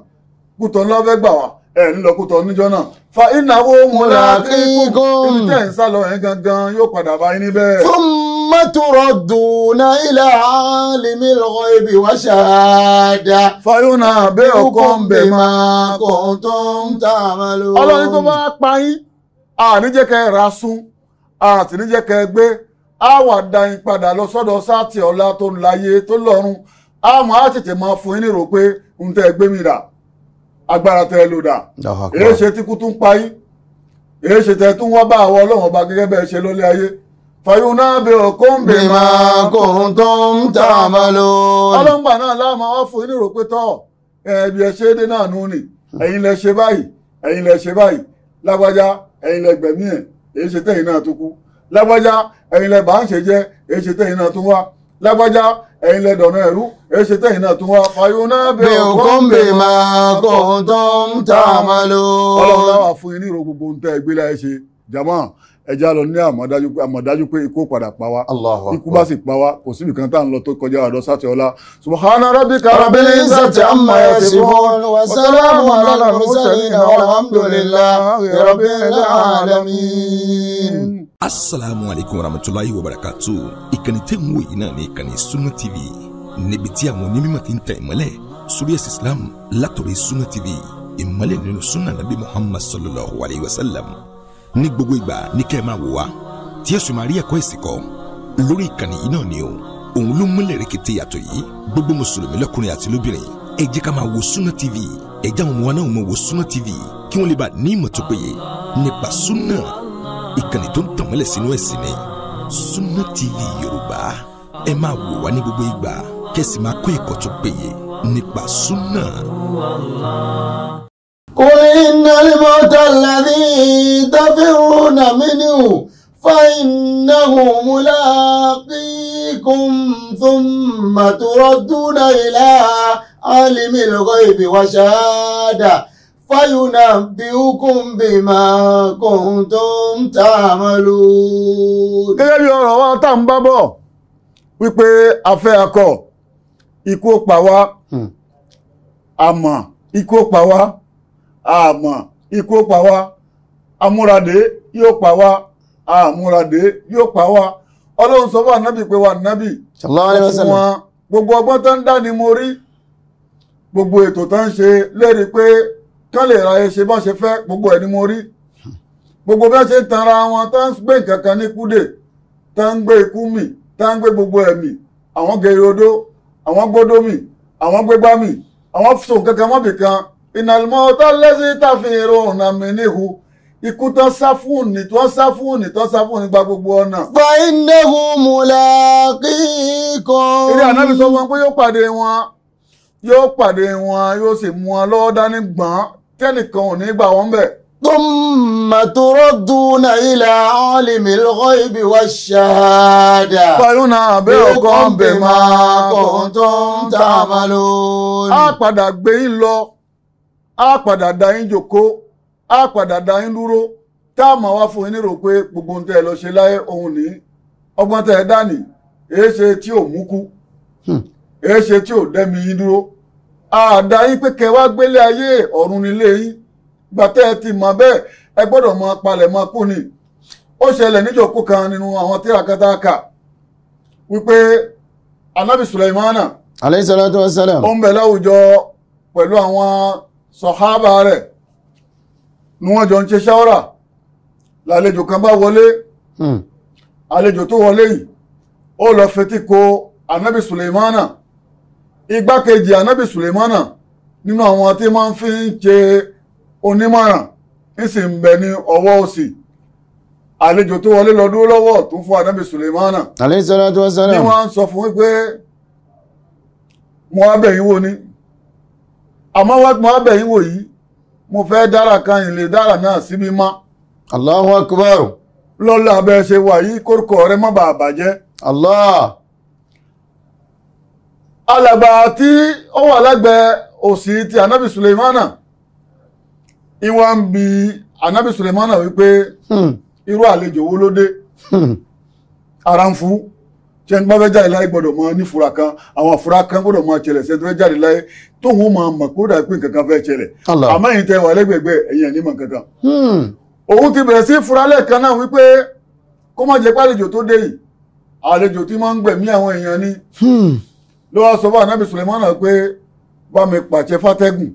Speaker 1: kùtọ̀ ńlá fẹ́ gbà wá ẹ̀ ń lọ kùtọ̀ níjọ́ náà fa ìnáwó múra kíkún ibi tẹ̀ ń sá lọ yẹn gangan yóò padà bá yín níbẹ̀. fún mẹ́tòrọ̀ dùnà ilẹ̀ àlìmí lọ́wọ́ ibi wá ṣááda. fayọ́nà bẹ́ẹ̀ ọkọ̀ ń bẹ̀ máa kọ̀ tó ń tà má lò. ọlọ́run tó bá pa yín àníjẹ́kẹ́ ra àtìníjẹ́kẹ́ gbé á wà dáyìn padà lọ sọ́dọ̀ sáàtì ọ̀la tó láyé tó lọ́rùn àmọ́ á tètè máa fún yín nírò pé ń tẹ́ gbé mi rà agbára tẹ́ lò dà èyí ṣe tí kú tún pa yín èyí ṣe tẹ́ tún wá bá àwọn ọlọ́run ọba gẹ́gẹ́ bẹ́ẹ̀ ṣe lọ́lé ayé fàyúnà bí òkun bí máa kóhun tó ń tà má lò. ọlọ́ngbà náà láàmú wá fún yín nírò pé tọ́ ẹ̀ẹ́dì ẹ̀ ṣe é dé náà nù ni ẹ̀yin lẹ ṣe báyìí ẹ̀yin lẹ ṣe báyìí lágbájá ẹ̀yin lẹ gbẹ̀mí ẹ̀ èyí ṣe tẹ́yìn náà tó kú lágbájá ẹ̀yin lẹ bá ń ṣe jẹ èyí ṣe tẹ̀yìn náà tún wá lágbájá ẹ̀yin lẹ dọ̀nà ẹ̀rú èyí tẹ̀yìn náà tún wá. fàyọ̀nà bẹ òkun bè máa kó tó ń tà má lò. ọlọ́run náà wà fún yín ní ìró gbogbo ń tẹ́ ẹgbẹ́ láyé ṣe jàmọ́ ẹja lọ ní àmọ̀dájú pé ikú padà pa wá ikú bá sì pa wá kò síbi kan tá à ń lọ tó kọjá ọ̀dọ̀ sátẹ̀ ọlá subhana rabbika rabbil izzati amma yasifun wa salamun ala al-mursalin walhamdulillahi rabbil alamin asalaamu alaykum warahmatulahi wabarakatu ìkànnì tẹ́ ń wò yìí náà ní ìkànnì Sunna TV níbi tí àwọn onímọ̀ ti ń tẹ ìmọ́lẹ̀ sórí Islam látọ̀rọ̀ Sunna TV ìmọ́lẹ̀ nínú sunna nabi Muhammad sallallahu alayhi wa sallam ní gbogbo ìgbà ní kẹ́ ẹ máa wò wá tí ẹ sì máa rí ẹ̀kọ́ ẹ̀sìn kọ́ lórí ìkànnì yìí náà ni o òun ló múlẹ̀ rẹ̀kẹ̀tẹ̀ yàtọ̀ yìí gbogbo mùsùlùmí lọ́kùnrin Sunna TV ẹ jẹ́ àwọn ọmọ wa Sunna TV kí wọ́n lè bá ní ìmọ̀ sunna ìkànnì tó ń tàn mọ́lẹ̀ sínú ẹ̀sìn ni Sunna TV Yorùbá ẹ máa wò wá ní gbogbo ìgbà kẹ́sì máa kó ẹ̀kọ́ tó péye nípa Sunna. قل إن الموت الذي تفرون منه فإنه ملاقيكم ثم تردون إلى عالم الغيب وشهادة fayunabbi'ukum bima kuntum ta'malun. gẹ́gẹ́ bí ọ̀rọ̀ wa tá à ń bá bọ̀ wípé afẹ́ akọ ikú pa wá àmọ́ hmm. ikú pa wá àmọ́ ikú pa wá amúradé yóò pa wá àmúradé yóò pa wá ọlọ́run sọ fún ànábì pé wà nábì fún wọn gbogbo ọgbọ́n tó ń dá ni mo rí gbogbo ètò tó ń ṣe lérí pé kán lè ráyè ṣe bá ṣe fẹ́ gbogbo ẹ̀ ni mo rí gbogbo bẹ́ẹ̀ ṣe ń tanra wọn tá ń gbé nǹkan kan ní kúdè tá ń gbé ikú mì tá ń gbé gbogbo ẹ̀ mì àwọn gèrè odó àwọn gbódó mì àwọn gbégbá mì àwọn sùn kankan mọ́bì kan ìnàlùmọ́ tá lẹ́sí tàfihàn ònàmì níhu ikú tán sá fún ní tán sá fún ní tán sá fún nípa gbogbo ọ̀nà. gba inéhu mùlẹ́kìkan. eré ànábì wọn pé yóò pàdé wọn yóò pàdé wọn yóò sì mú wọn lọ́wọ́ dání gbọ́n tẹ́nìkan ò ní gbà wọ́n bẹ̀. Tumma turaduna ila alimil ghaibi wash-shahada. Fayúnà àbẹ́ ọ̀kan bẹ̀ máa kuntum ta'malun. Á padà gbé yín lọ, á padà dá yín jòkó, á padà dá yín dúró, tá a máa wá fún yín nírò pé gbogbo ohun ẹ lọ ṣe láyé òun ní. Ọgbọ́n tẹ́ ẹ dání, èé ṣe tí ò mú kú, hmm. èé ṣe tí ò dẹ́mi yín dúró àdá yín pé kẹ wá gbélé ayé ọ̀run nílé yín gbàtẹ́ ẹ ti mọ̀ bẹ́ẹ̀ ẹ gbọ́dọ̀ mọ palẹ̀mọ́ kù ni ó ṣẹlẹ̀ níjòkó kan nínú àwọn tírakátàkà wípé anábì sulaimana alayhi salatu wassalam ó ń bẹ láwùjọ pẹ̀lú àwọn sọ̀hábà rẹ̀ ni wọ́n jọ ń ṣe ṣáwọ́rà lálejò kan bá wọlé hmm. àlejò tó wọlé yìí ó lọ fetí ko anábì sulaimana igbákejì anábì sulemana nínú àwọn tí wọ́n fi ń ṣe onímọ̀ràn ń sì ń bẹ ní ọwọ́ òsì àlejò tó wọlé lọ dúró lọ́wọ́ tó fún anábì sulemana. alayhi salatu wa salam. ni wọ́n sọ fún wípé pé mo wá bẹ̀ wò ni àmọ́ wá mo wá bẹ̀ wò yìí mo fẹ́ dára kan ìlè dára náà síbi mọ́. Allahu akbar. lọ́la abẹ́ ṣe wà yí kórìkọ̀ rẹ mọ́ bàa bàjẹ́. Allah. alàgbà tí ó wà lẹ́gbẹ̀ẹ́ òsì ti anabi suleimana ìwà ń bi anabi suleimana wípé hmm. irú àlejò wo ló dé hmm. ara ń fún ṣe ń gbọ́fẹ́ jáde láyé gbọ́dọ̀ máa ní fura kan àwọn àfura kan gbọ́dọ̀ máa ṣẹlẹ̀ ṣe tó fẹ́ jáde láyé tóun máa mọ̀ kó dà pé nǹkan fẹ́ ṣẹlẹ̀ àmọ́ ẹ̀yin tẹ́ wà lẹ́gbẹ̀gbẹ́ ẹ̀yin ẹ̀ní mọ̀ kankan. Hmm. òun ti bẹ̀rẹ̀ sí fura lẹ́ẹ̀kan náà wípé kó má jẹ́ pé tó dé yìí àlejò tí máa ń gbẹ̀mí àwọn èèyàn ni ló wá sọ fún ànábì Sulemana pé bá mi pàṣẹ fátẹ́gùn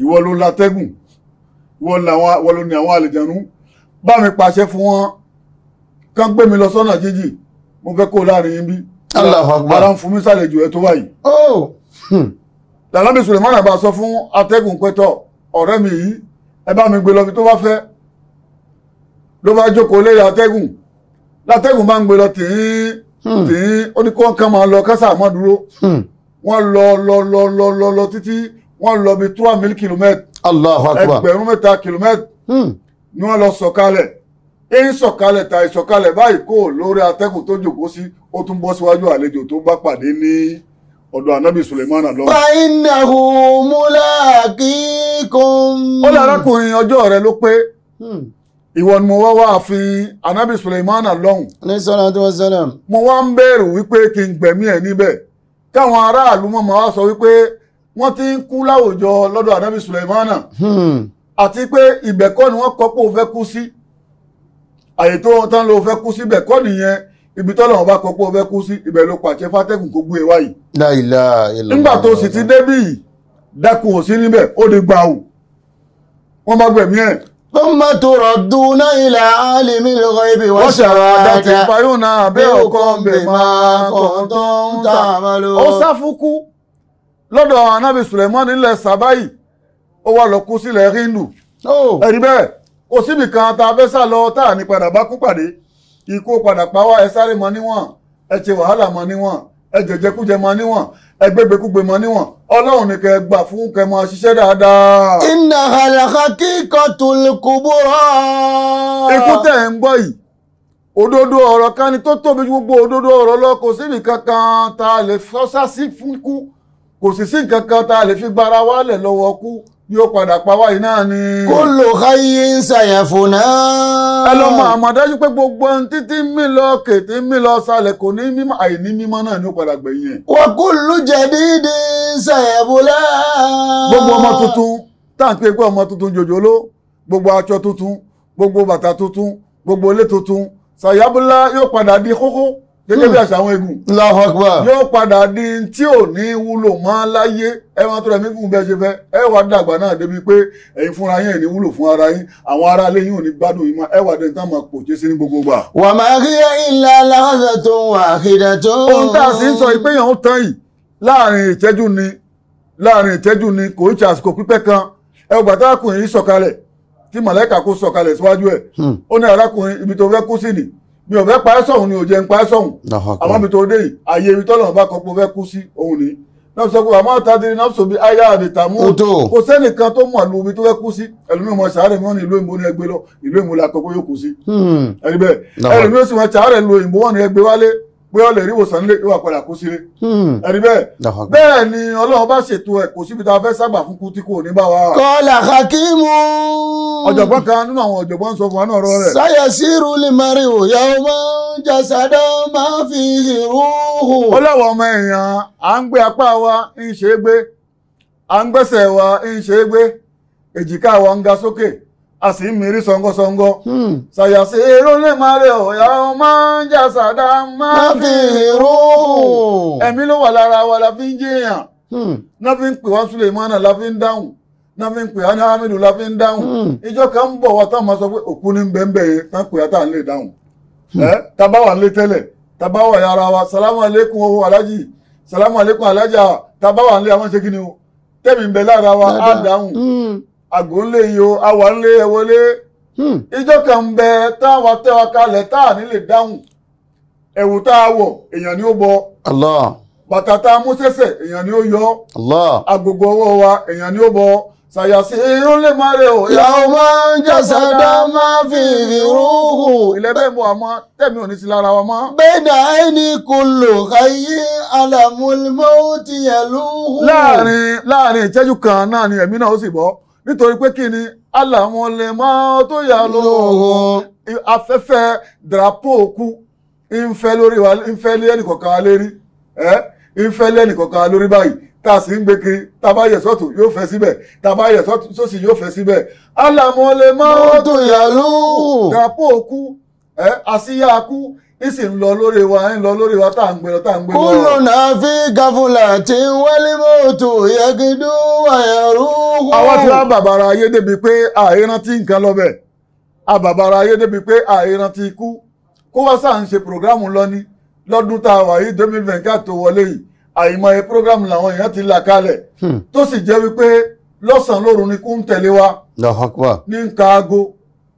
Speaker 1: ìwọ ló látẹ́gùn ìwọ ló ní àwọn àlejànú bá mi pàṣẹ fún wọn kán gbé mi lọ sọ́nà jíjì mo fẹ́ kó láàrin yín bí ara ń fún mi sàlejò ẹ tó báyìí. Oh. Hmm. làlábì Sulemana bá sọ fún atẹ́gùn pẹ́tọ̀ ọ̀rẹ́ mi yìí ẹ bá mi gbé lọ bí tó bá fẹ́ ló bá jókòó lé atẹ́gùn látẹ́gùn bá ń gbé lọ tìín Hmm. tí ó ní kí wọ́n kàn máa lọ kásá àmọ́ dúró hmm. wọ́n lọ lọ lọ lọ lọ lọ títí wọ́n lọ bí trois mille kilomètres Allahu Akbar ẹgbẹ̀rún mẹ́ta kilomètres hmm. ni wọ́n lọ sọ̀kalẹ̀ ń sọ̀kalẹ̀ ta ìsọ̀kalẹ̀ báyìí kò lórí atẹ́kùn tó jókòó sí ó tún bọ́ síwájú àlejò tó bá pàdé ní ọ̀dọ̀ ànábì Suleiman lọ. fa innahu mulaqikum. ó lárakùnrin ọjọ́ rẹ ló pé ìwọ ni mo wá wá àfin anabi suleimana lọ́hùn. ní sọ́nà tí wọ́n sẹ́lẹ̀. mo wá ń bẹ̀rù wípé kí n gbẹ̀mí ẹ̀ níbẹ̀ káwọn aráàlú mọ̀ máa sọ wípé wọ́n ti ń kú láwùjọ lọ́dọ̀ anabi suleimana. Hmm. àti pé ibẹ̀ kọ́ ni wọ́n kọ́ pé o fẹ́ kú sí. àyè tó tán ló fẹ́ kú síbẹ̀ kọ́ nìyẹn ibi tọ́lọ̀ wọn bá kọ́ pé o fẹ́ kú sí ibẹ̀ ló pàṣẹ fátẹ́kùn kó gbé e wáyìí. nígbà tó ثم تردون إلى عالم الغيب والشهادة فينبئكم بما كنتم تعملون. ó sáfukú lọ́dọ̀ suleiman ilẹ̀ sàbáyì ó wà lọ kú sílẹ̀ hindu ẹ̀rí bẹ́ẹ̀ kò síbi kan tá a fẹ́ sá lọ tá a ní padà bá kú pàdé ikú padà pa wá ẹ sáré mọ́ níwọ̀n ẹ ti wàhálà mọ́ níwọ̀n ẹ jẹjẹkújẹ máa níwọ̀n ẹ gbégbékúgbé máa níwọ̀n ọlọ́run ni kẹ gbà fún kẹ máa ṣiṣẹ́ dáadáa. iná àlàkà kíkọ tòlùkùbúrọ. ikú tẹ̀ ń gbọ́ yìí òdodo ọ̀rọ̀ kan ni tó tóbi gbogbo òdodo ọ̀rọ̀ lọ kò sí nìkan kan tá a lè sọ́sá sí fún ikú kò sì sí nǹkan kan tá a lè fi gbára wálẹ̀ lọ́wọ́ kú yóò padà pa wáyé náà ni. kó lò háyé ń ṣàyàfò náà. ẹ lọ mọ àmọ́ dájú pé gbogbo ohun títí mí lọ kètè mí lọ sálẹ̀ kò ní mímọ́ àìní mímọ́ náà ni ó padà gbẹ̀yìn ẹ̀. wọ́n kó lù jẹ̀dídì ṣàyàfò náà. gbogbo ọmọ tuntun tá pé ọmọ tuntun jòjòló gbogbo aṣọ tuntun gbogbo bàtà tuntun gbogbo ilé tuntun ṣàyàfò yóò padà di kókó gẹ́gẹ́ bí àṣà àwọn egun. Allahu Akbar. yóò padà di tí ò ní wúlò máa láyé ẹ máa tó rẹ mí fún bẹ́ẹ̀ ṣe fẹ́ ẹ wà dàgbà náà débi pé ẹ̀yin fúnra yẹn ní wúlò fún ara yín àwọn ará ilé yín ò ní gbádùn yín máa ẹ wà dẹ̀ ní táwọn àpò jẹ́ sí ní gbogbo gbà. wà á máa rí ilà aláwọ̀sẹ̀ tó wà àkìdá tó. ohun tá a sì ń sọ pé yàn ń tán yìí láàrin ìtẹ́jú ni láàrin ìtẹ́jú ni kò í ṣe pípẹ́ kan ẹ tí màlẹ́kà kó sọ̀kalẹ̀ síwájú ẹ̀ hmm. ó ní arákùnrin ibi tó fẹ́ kú sí nìyí mi ò fẹ́ pa ẹ́ sọ̀hún ni ò jẹ́ ń pa ẹ́ sọ̀hún àmọ́ mi tó dé yìí àyè ibi tọ́lọ̀ bá kọ́ pé ó fẹ́ kú sí òun nìyí náà sọ pé àmọ́ tàbí náà sọ bí ayé àdètàmú kò sẹ́nìkan tó mọ̀ lu omi tó fẹ́ kú sí ẹlòmíì mọ̀ sàárẹ̀ mọ́ ní ìlú òyìnbó ní ẹgbẹ́ lọ ìlú òyìnbó la kọ́ pé yóò kú sí hmm. ẹ̀rí bẹ́ẹ̀ sàárẹ̀ lu òyìnbó wọn ní ẹgbẹ́ wálé pé ó lè rí ìwòsàn nílé yóò padà kó sílé. Hmm. ẹni bẹ́ẹ̀ bẹ́ẹ̀ ni ọlọ́run bá ṣètò ẹ̀ kò síbi tá a fẹ́ ságbà fún kú tí kò ní bá wa. kọ́lá hakimu. ọ̀jọ̀gbọ́n kan nínú àwọn ọ̀jọ̀gbọ́n sọ fún wa náà rọ rẹ̀. sáyà sírù lè má rí òyà ọmọ jàsádọ́ máa fi ìrúhù. ó lọ́wọ́ ọmọ èèyàn à ń gbé apá wa ń ṣe é gbé à ń gbẹ́sẹ̀ wa ń ṣe é gbé èjìká wa ń ga sókè. a sì ń mìírí sọ̀ngọ́sọ̀ngọ́. Hmm. ṣàyàsí irú ní mari ọ̀yà ń jà sàdá fi ero. ẹ̀mí ló wà lára wa la fi ń jiyàn. Hmm. náà fi ń pè Suleimana la fi ń dáhùn náà fi ń pè wá Hamidu la fi ń dáhùn. Hmm. ìjọ kan ń bọ̀ wá máa sọ pé òkú ní bẹ́ẹ̀nbẹ́ yẹn tán pè wá lè dáhùn. ẹ tábà wà lé salamu aleykum owó alájì salamu aleykum alájà tábà wà lé tẹ́mi lára àgúnlé yìí o àwa ńlé ẹ wọlé hmm. ìjọ kan ń bẹ táwa tẹwa kalẹ̀ tá à ní dáhùn ẹ̀wù tá a wọ̀ èèyàn ni ó bọ bàtà tá a mú sẹ́sẹ̀ èèyàn ni ó yọ agogo ọwọ́ wa èèyàn ni ó bọ sàyàsí irúlé mare o. yàwó máa ń jàsádá máa fi ìrúhù. ilẹ̀ bẹ́ẹ̀ mú àmọ́ tẹ̀mí ò ní sí lára wa mọ́. bẹ́ẹ̀ni àìní kò lò káyé alàmúlmọ́ ti yẹ̀ lóhùn. láàrin láàrin ìṣẹ́jú kan náà ni ẹ̀mí náà ó sì bọ́ nítorí pé kí ni alàmọ́lẹ̀ máa tó yà lóhùn afẹ́fẹ́ drapo kú ìfẹ́ lórí wa ìfẹ́ lé ẹnìkọ̀ọ̀kan wa lérí ẹ́ ìfẹ́ lé ẹnìkọ̀ọ̀kan wa lórí báyìí tá a sì ń gbé kiri tá a bá yẹ sọ́tù yóò fẹ́ síbẹ̀ tá a bá yẹ sọ́sì yóò fẹ́ síbẹ̀ alàmọ́lẹ̀ máa tó yà lóhùn drapo kú ẹ́ àsíyá kú ìsì ń lọ lórí wa ń lọ lórí wa tá à ń gbé lọ tá à ń gbé lọ. kúlù fi káfúlà tí ń wálé mọ́tò yẹgidú àyẹ̀rú. àwa ti wá bàbára ayé débi pé àìrántí nǹkan lọ́bẹ̀ àbàbára ayé débi pé àìrántí ikú kó wá sáà ń ṣe programu lọ ní lọ́dún tá a wà yìí domi venka tó wọlé yìí àìmọye programu làwọn èèyàn ti là kalẹ̀ hmm. tó sì jẹ́ wípé lọ́sàn-án lóru ni kú ń tẹ̀lé wa ní ń aago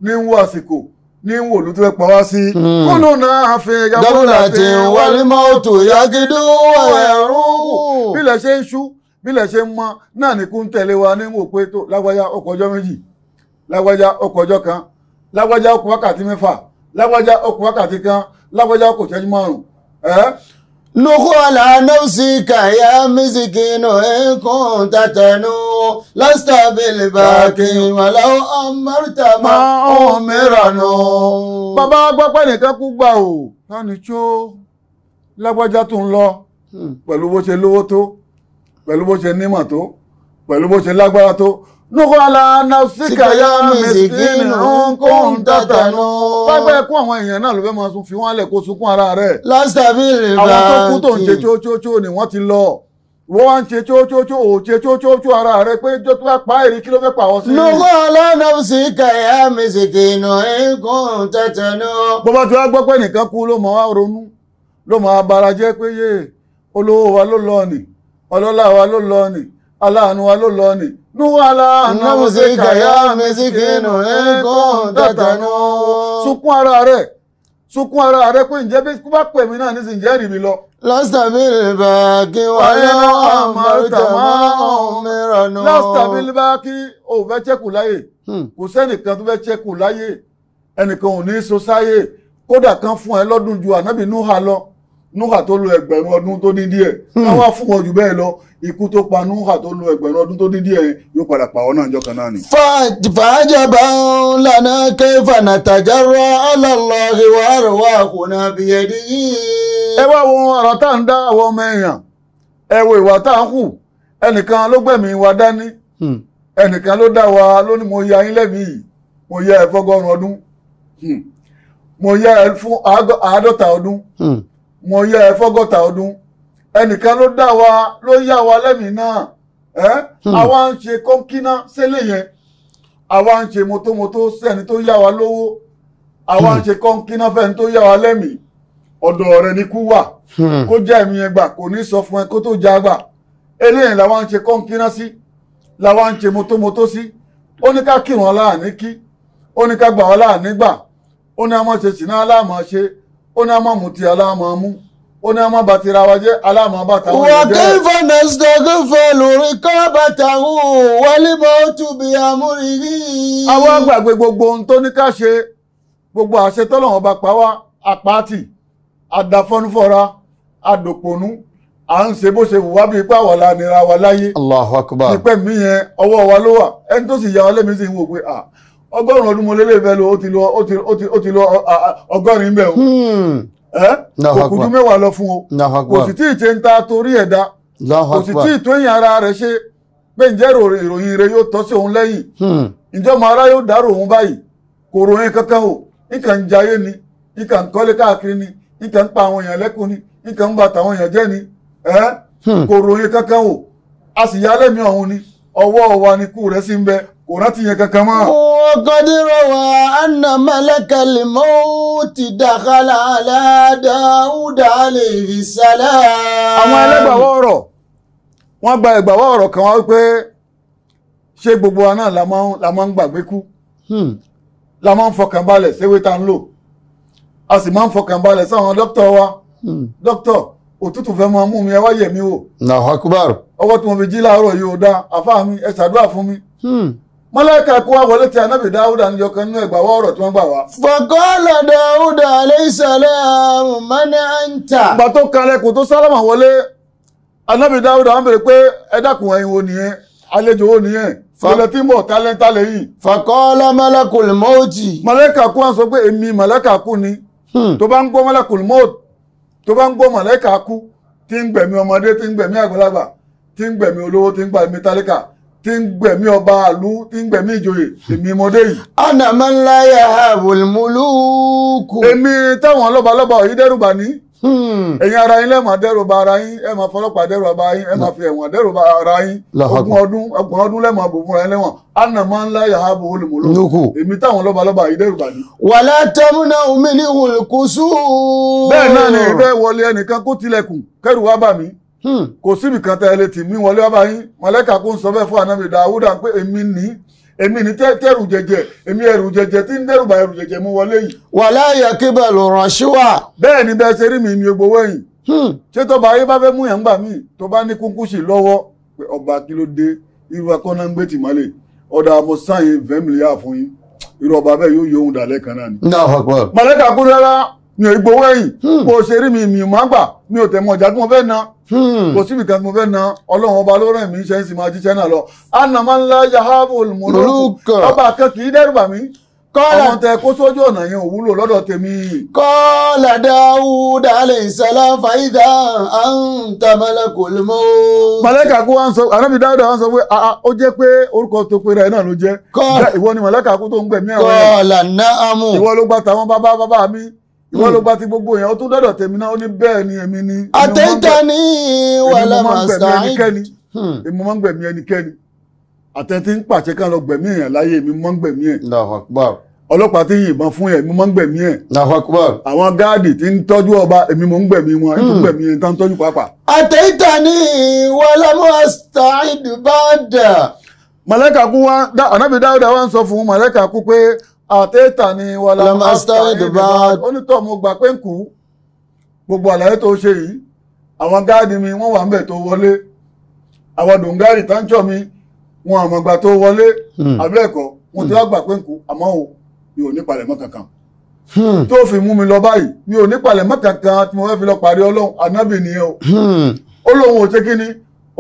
Speaker 1: ní ń wọ àsìkò ní wò ló tó fẹ́ pa wá sí. Hmm. kúlù náà fi gàmúlà tí wálé mọ́tò yagídó ẹ̀rú. Hmm. bílẹ̀ ṣe ń ṣú bílẹ̀ ṣe ń mọ náà ní kú ń tẹ̀lé wa ní pé tó lágbájá ọkọ̀ ọjọ́ méjì lágbájá ọkọ̀ ọjọ́ kan lágbájá ọkọ̀ wákàtí mẹ́fà lágbájá ọkọ̀ wákàtí kan lágbájá ọkọ̀ ìṣẹ́jú márùn-ún Nuhu ala nafsika ya misikino ekun tatanu lasta bilibaki walau amarta ma omiranu. Bàbá agbápẹ́ nìkan kú gbà ò, láni tí ó lágbájá tó ń lọ hmm. pẹ̀lú bó ṣe lówó tó, pẹ̀lú bó ṣe nímọ̀ tó, pẹ̀lú bó ṣe lágbára tó, nukola nafsika ya misikin nkun tatanu. pápá ẹkún àwọn èèyàn náà ló fẹ́ máa sun fi wọ́n lẹ̀ kó sunkún ara rẹ̀. lásìtàbílì bá ti àwọn tó kú tó ń ṣe chóchóchó ni wọ́n ti lọ wọ́n wá ń ṣe chóchóchó ò ṣe chóchóchó ara rẹ̀ pé jọ bá pa èrè kí ló fẹ́ pa ọ sí. nukola nafsika ya misikin nkun tatanu. bọ́bá tí wàá gbọ́ pé nìkan kú ló máa wá ronú ló máa bara jẹ́ pé yé olówó wa ló lọ ni ọlọ́lá wa ló lọ aláàánú wa ló lọ nì. Nuwa aláàánú wa ṣe kàyà mẹ́sìkínú ẹ̀kọ́ dàtànú. Sunkún ara rẹ̀ sunkún ara rẹ̀ pé ǹjẹ́ bí kú bá pè mí náà nísìnyí jẹ́ rìn mí lọ. Lásìtàbílì bá kí wálé àmàlùtà máa ń mìíràn nù. Lásìtàbílì bá kí òun fẹ́ chẹ́kù láyè. Hmm. Kò sẹ́nìkan tó fẹ́ chẹ́kù láyè. Ẹnìkan ò ní so sáyè. Kódà kan fún ẹ lọ́dún ju ànábì Núhà lọ. Núhà tó ẹgbẹ̀rún ọdún tó ní díẹ̀. Hmm. Káwá fún wọn jù bẹ́ẹ̀ lọ ikú tó pa Núhà tó lo ẹgbẹ̀rún ọdún tó dídí ẹ̀ yóò padà pa ọ́ náà jọ kan náà ni. fàájàbá lànà kẹfà nàtàjàrà àlàlọ́ ìwà àrùwà kò náà ẹ wá wo ọ̀rọ̀ tá à ń dá àwọn ọmọ èèyàn ẹ wo ìwà tá à ń hù ẹnìkan ló gbẹ̀mí wa dání hmm. ẹnìkan ló dá wa lónìí mo ya yín lẹ́bi yìí mo ya ẹ fọ́gọ́rùn ọdún hmm. mo ya ẹ fún àádọ́ta ọdún hmm. mo ya ẹ fọ́gọ́ta ọdún ẹnìkan ló dá wa ló yá wa lẹ́mìí náà ẹ́ hmm. àwa ń ṣe kọ́ńkínná sílé yẹn àwa ń ṣe mọ́tòmọ́tò sẹ́ni tó yá wa lówó àwa ń hmm. ṣe kọ́ńkínná fẹ́ni tó yá wa lẹ́mìí ọ̀dọ̀ rẹ̀ ní kú wà hmm. kó jẹ́ ẹ̀mí yẹn gbà kò ní sọ fún ẹ kó tó já gbà eléyìí làwa ń ṣe kọ́ńkínná sí làwa ń ṣe mọ́tòmọ́tò sí ó ní ká kírun aláàní kí ó ní ká gbà aláàní gbà ó ní a máa ṣe ṣìnà aláàmọ̀ ṣe ó ní a máa mutí aláàmọ̀ mú ó ní ọmọ bàtí ra wa jẹ́ aláàmọ́ bàtà wọn. wà á kí fọnẹ́sítọ̀ kí fọlùrín kọ́ bàtà hùn wálé mọ́ tùbí àmúrìrí. àwọn àgbàgbé gbogbo ohun tó ní ká ṣe gbogbo àṣẹ tọ́lọ́wọ́n bá pa wá àpáàtì àdàfọ́nufọ́ra àdòpònú à ń ṣe bó ṣe wù wá bíi pé àwọn wa láyé. Allahu Akbar. ìpẹ́ mi yẹn ọwọ́ wa ló wà ẹni tó sì yà wá lẹ́mìí sì ń wò pé ọgọ́rùn-ún ọdún mo lélẹ́ẹ̀fẹ́ òkùdú mẹ́wàá lọ fún o kò sì tí ì ṣe ń ta torí ẹ̀dá kò sì tí ì tó èèyàn ara rẹ̀ ṣe pé ǹjẹ́ ìròyìn rẹ̀ yóò tọ́ sí òun lẹ́yìn ìjọba hmm. ara yóò dárò òun báyìí kò ròyìn kankan o nǹkan ń jayé ni nǹkan ń kọ́lé káàkiri ni nǹkan ń pa àwọn èèyàn lẹ́kùn ni nǹkan ń ba tàwọn èèyàn jẹ́ ni hmm. kò ròyìn kankan o a sì yá lẹ́mìí ọ̀hún ni ọwọ́ wa ni kú rẹ̀ sí ń bẹ kò rántí yẹn kankan mọ́. ó kọ́ dírọ̀ wá àná mọ́lẹ́kẹ̀lì mọ́ ó ti dàkálà aládáúdà alayhi salam. àwọn ẹlẹ́gbàwọ́ ọ̀rọ̀ wọ́n gba ìgbàwọ́ ọ̀rọ̀ kan wá pé ṣé gbogbo wa náà la máa ń gbàgbé kú hmm. la máa ń fọkàn balẹ̀ séwé tá ń lò a sì máa ń fọkàn balẹ̀ sáwọn dókítà wa hmm. dókítà òtútù fẹ́ máa mú mi ẹ wá yẹ̀ mí wò. nàá akubar. ọwọ́ tí mo fi jí láàárọ̀ yìí ò dáa àfáà mi ẹ ṣàdúrà fún mi. Hmm mọ́láìka kó wá wọlé ti anábì dáúdà níjọ kan nínú ẹgbàá ọ̀rọ̀ tí wọ́n gbà wá. faqala dáúdà alayhi salam man anta. ìgbà tó kalẹ̀kùn tó sálámà wọlé anábì dáúdà wọn bèrè pé ẹ dákun ẹ̀yin wo nìyẹn àlejò wo nìyẹn fọlẹ tí mọ tálẹńtà lẹ́yìn. faqala malakul mauti. mọ́láìka kó wọn sọ pé èmi mọ́láìka malakul maut tó bá ń gbọ́ mọ́láìka kú tí ń gbẹ̀mí ọmọdé tí ń gbẹ̀mí àgbàlagbà tí ń gbẹ̀mí olówó tí tí ń gbẹ̀mí ọba àlú tí ń gbẹ̀mí ìjòyè èmi mọdé yìí. ana máa ń láyà wòlmúlùkù. èmi táwọn ọlọ́ba ọlọ́ba yìí dẹ́rùbà ní. Hmm. ẹ̀yin ara yín lẹ́ẹ̀mà dẹ́rùbà ara yín ẹ̀ máa fọlọ́pàá dẹ́rùbà yín ẹ̀ máa fi ẹ̀wọ̀n dẹ́rùbà ara yín. ogún ọdún ọgbọ̀n ọdún lẹ́ẹ̀mà bò fúnra yín lẹ́wọ̀n ana máa ń láyà wòlmúlùkù. èmi táwọn Hmm. kò síbi kan tẹ́ ẹ lè tì mí wọlé ọba yín mọ̀lẹ́kà kó ń sọ bẹ́ẹ̀ fún ànábì Dáúdà pé èmi ní èmi ní tẹ́rù jẹjẹ èmi ẹ̀rù jẹjẹ tí ń dẹ́rùbà ẹ̀rù jẹjẹ mú wọlé yìí. wàlá ẹ̀yà kébẹ̀ ló ràn sí wa. bẹ́ẹ̀ ni bẹ́ẹ̀ ṣe rí mi mi gbowó yìí. Hmm. ṣé tọba ayé bá fẹ́ mú yàn gbà mí tó bá ní kúnkúṣì lọ́wọ́ pé ọba kí ló dé irú akọ́nà ń gbé tì mọ́lẹ̀ ọ̀dà mo sáyẹn vẹ́mìlì yà fún yín irú ọba bẹ́ẹ̀ yóò yọ ohun dàlẹ́ kan náà ni. mọ̀lẹ́kà kúrẹ́rẹ́ mi ò gbowó ẹ̀yìn hmm. bó ṣe rí mi mi má gbà mi ò tẹ̀ mọ ọjà tí mo fẹ́ na hmm. kò síbi kan tí mo fẹ́ na ọlọ́run ọba ló rẹ̀ mí ṣe ń sì máa jíṣẹ́ náà lọ anamọ́ ńlá yahabu olùmọ̀lókù ọba kan kì í dẹ́rù bà mí kọ́lá ọmọ tẹ kó sójú ọ̀nà yẹn ò wúlò lọ́dọ̀ tèmi. kọ́lá dáúdà alayhi salam fàyídà anta malakul maut. màlẹ́kà kó wá ń sọ ànábì dáúdà wá ń sọ pé ah, ah, ó jẹ́ pé orúkọ tó pera ẹ̀ náà ló jẹ́ ìwọ ni màlẹ́kà kó tó ń gbẹ̀mí ẹ̀rọ yẹn. kọ́lá náà ìwọ ló gbà tàwọn bàbá bàbá mi ìwọ́n hmm. ló bá ti gbogbo yẹn ó tún dọ́dọ̀ tèmi náà ó ní bẹ́ẹ̀ ni èmi ni. àtẹ̀yìntà ní wàhálà màsà èmi mọ́ ń gbẹ̀mí ẹnikẹ́ni hmm. àtẹ̀tí ń pàṣẹ kan lọ gbẹ̀mí èèyàn láyé èmi mọ́ ń gbẹ̀mí ẹ̀. ọlọ́pàá ti yìnbọn fún ẹ̀ èmi mọ́ ń gbẹ̀mí ẹ̀. àwọn gáàdì tí ń tọ́jú ọba èmi mọ́ ń gbẹ̀mí wọn ètò gbẹ̀mí ẹ̀ tán tọ́jú pàápàá. àtẹ̀yìntà ní wàhálà màsà ìdùbàdà. kú wá anábì wá ń sọ fún màlẹ́kà kú pé àtẹ́tà ni wàlá àtàrídìbà onítọ̀ mo gbà pé ń kú gbogbo àlàyé tó ṣe yìí àwọn gáàdì mi wọ́n wà ń bẹ̀ tó wọlé àwọn dòǹgárì táǹtsọ̀ mi wọn àmọ̀gbà tó wọlé abẹ́ẹ̀kọ́ hmm. wọn ti hmm. wá gbà pé ń kú àmọ́ o mi ò ní palẹ̀mọ́ kankan hmm. tó fi mú mi lọ báyìí mi ò ní palẹ̀mọ́ kankan tí mo fẹ́ fi lọ parí ọlọ́run ànábì nìyẹn o ó lóun ò ṣe kí ni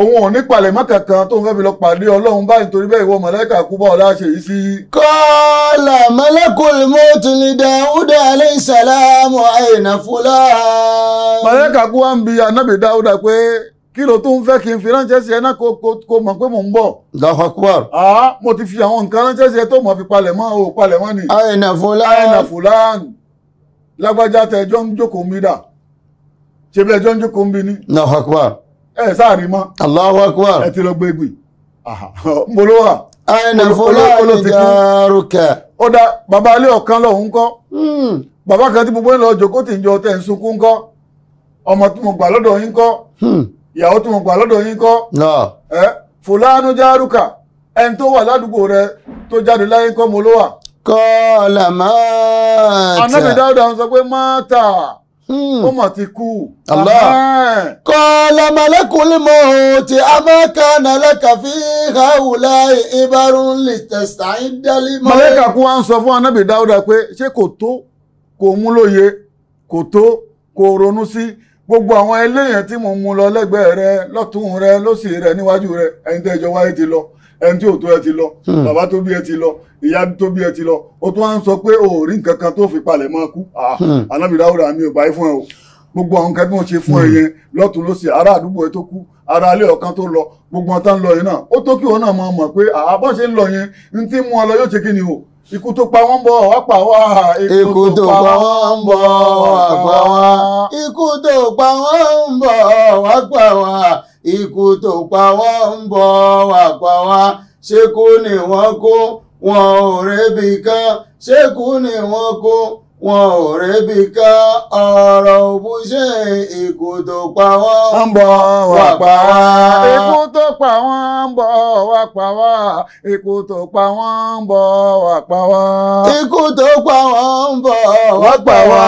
Speaker 1: òun ò ní palẹ̀mọ́ kankan tó fẹ́ fi lọ pàdé ọlọ́run báyìí torí bẹ́ẹ̀ ìwọ màláíkà kú bá ọlá ṣe sí. kọ́ọ́ قال ملك الموت لداود عليه السلام أين فلان ملك kú wá ń bi ànábì Dáúdà pé kí ló tún fẹ́ kí n fi ránṣẹ́ sí ẹ náà kó mọ̀ pé mò ń bọ̀. Allahu Akbar. mo ti fi àwọn nǹkan ránṣẹ́ sí ẹ tó mọ̀ fi palẹ̀ mọ́ o palẹ̀ mọ́ ni. àyìnà fúlàn. àyìnà fúlàn. lágbájá tẹ ẹjọ́ ń jókòó mi dà ṣe ẹjọ́ ń jókòó mi ní. Allahu Akbar. ẹ sáà rí mọ́. Allahu Akbar. ẹ ti lọ gbé gbì àìnà fúlàní dàrúkà. ó dá bàbá alẹ́ ọ̀kan lọ́hùn kọ́ hmm. Baba kan tí mo bọ́ ń lọ jòkó tì ń jọ tẹ̀ ń sunkún kọ́ ọmọ tí mo gbà lọ́dọ̀ yín kọ́ hmm. ìyàwó tí mo gbà lọ́dọ̀ yín kọ́ fúlàní dàrúkà ẹni tó wà ládùúgbò rẹ tó jáde láyé kọ́ mo ló wà. kọ́ làmáàtà. anábìdáwọ̀dà sọ pé máàtà. Hmm. ó ti kú. kọ́lá malẹ́kùnrin mọ́ o ti amẹ́ka nàlẹ́ka fi hàwùlá ìbárun lè tẹ̀sà ń dálé mọ́. malẹ́ka kú wa ń sọ fún anábì dáúdà pé ṣé kò tó kò mú lóye kò tó kò ronú sí gbogbo àwọn eléyàn tí mo mú lọ lẹ́gbẹ̀ẹ́ rẹ lọ́tún rẹ lọ́sì rẹ níwájú rẹ ẹ̀yin tẹ́jọ wáyé ti lọ ẹni tí ò tó ẹ ti lọ hmm. bàbá tó bí ẹ ti lọ ìyá tó bí ẹ ti lọ o tó wá ń sọ pé o ò rí nǹkan kan tó fi palẹ̀ mọ́ kú anábìdáwòrán ah, hmm. mi ò báyìí fún ẹ o gbogbo àwọn nǹkan bí wọ́n ṣe fún ẹ hmm. yẹn lọ́tún ló ṣe ará àdúgbò ẹ tó kú ará ilé ọ̀kan tó lọ gbogbo ọ̀tá ń lọ yẹn náà ó tó kí òun náà máa mọ̀ pé àbọ̀ ṣe ń lọ yẹn ní tí mú ọ lọ yóò ṣe kí ni o ikú tó pa wọ́n bọ̀ wá pa wá. ikú tó pa wọ́n bọ̀ wá pa wá. ikú tó pa wọ́n bọ̀ wá pa wá ikú tó pa wọ́n ń bọ̀ wá pa wá ṣé kú ni wọ́n kú wọn ò rẹ́bì kan ṣé ni wọ́n kú wọn ò rébi ká ọ̀rọ̀ òbú ṣe ikú tó pa wọ́n. ń bọ̀ wá pa wá. ikú tó pa wọ́n ń bọ̀ wá pa wá. ikú tó pa wọ́n ń bọ̀ wá pa wá. ikú tó pa wọ́n ń bọ̀ wá pa wá.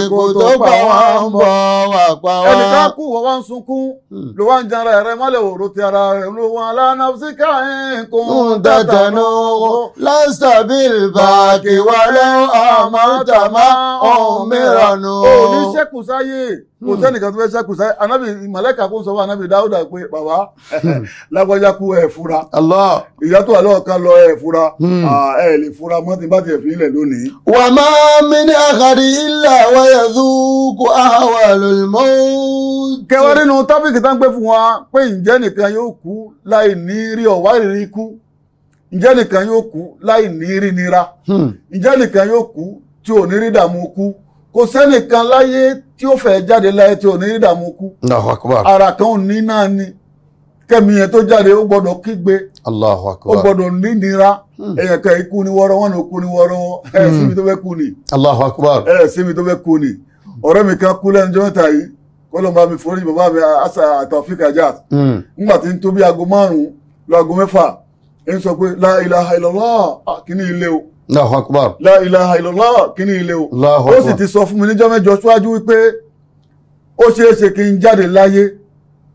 Speaker 1: ikú tó pa wọ́n ń bọ̀ wá pa wá. ẹnìkan kú wọ́n wá ń sunkún hmm. ló wá ń janra ẹ̀rẹ́ mọ́lẹ̀ òru ti ara rẹ̀ ló wọn lánàá sí káyín kún. ń tàtànú lásàbíl bàkì wọlé ọmọ tà àmà ọ̀hún mìíràn nù. o ní ṣẹ́kù sáyé kò hmm. sẹ́nìkan tó fẹ́ ṣẹ́kù sáyé anabi màlẹ́kà kó sọ fún anábì dáúdà pé bàbá lágbájá kú ẹ̀ fura ìyá tó wà lọ́wọ́ kan lọ ẹ̀ fura hmm. ẹ̀ lè fura mọ́ ti bá tiẹ̀ fi ilẹ̀ lónìí. wà á máa mi ní àkàrí ilẹ̀ wáyà zúkú àwọ̀ lòlùmọ́. kẹwàá nínú tábìkì tá ń pè fún wa pé ǹjẹ́ nìkan yóò kú láì ní rí ọ̀wá ìrírí ǹjẹ́ nìkan yóò kú láì ní rí nira hmm. ǹjẹ́ nìkan yóò kú tí ò ní rí dààmú kú kò sẹ́nìkan láyé tí ó fẹ́ jáde láyé tí ò ní rí dààmú kú. ara kan ò ní náà ni kẹ́mi yẹn tó jáde ó gbọ́dọ̀ kígbe ó gbọ́dọ̀ nínira èèyàn hmm. kan ikú ni wọ́rọ́ wọn ò kú ni wọ́rọ́ ẹ hmm. síbi tó fẹ́ kú ni ẹ síbi tó fẹ́ kú ni ọ̀rẹ́ mi kan kú lẹ́nu jọ́mẹ́ta yìí kọ́lọ́ bá mi forí bàbá mi àṣà Taofeek Ajaaz nígbà tí ń tó aago márùn-ún lọ aago mẹ́fà ń sọ pé la ilaha illallah ah, kí ni ilé o. Allahu akbar. La ilaha illallah kí ni ilé o. Allahu akbar. Ó sì ti sọ fún mi níjọ́ mẹ́jọ síwájú wípé ó ṣeé ṣe kí n jáde láyé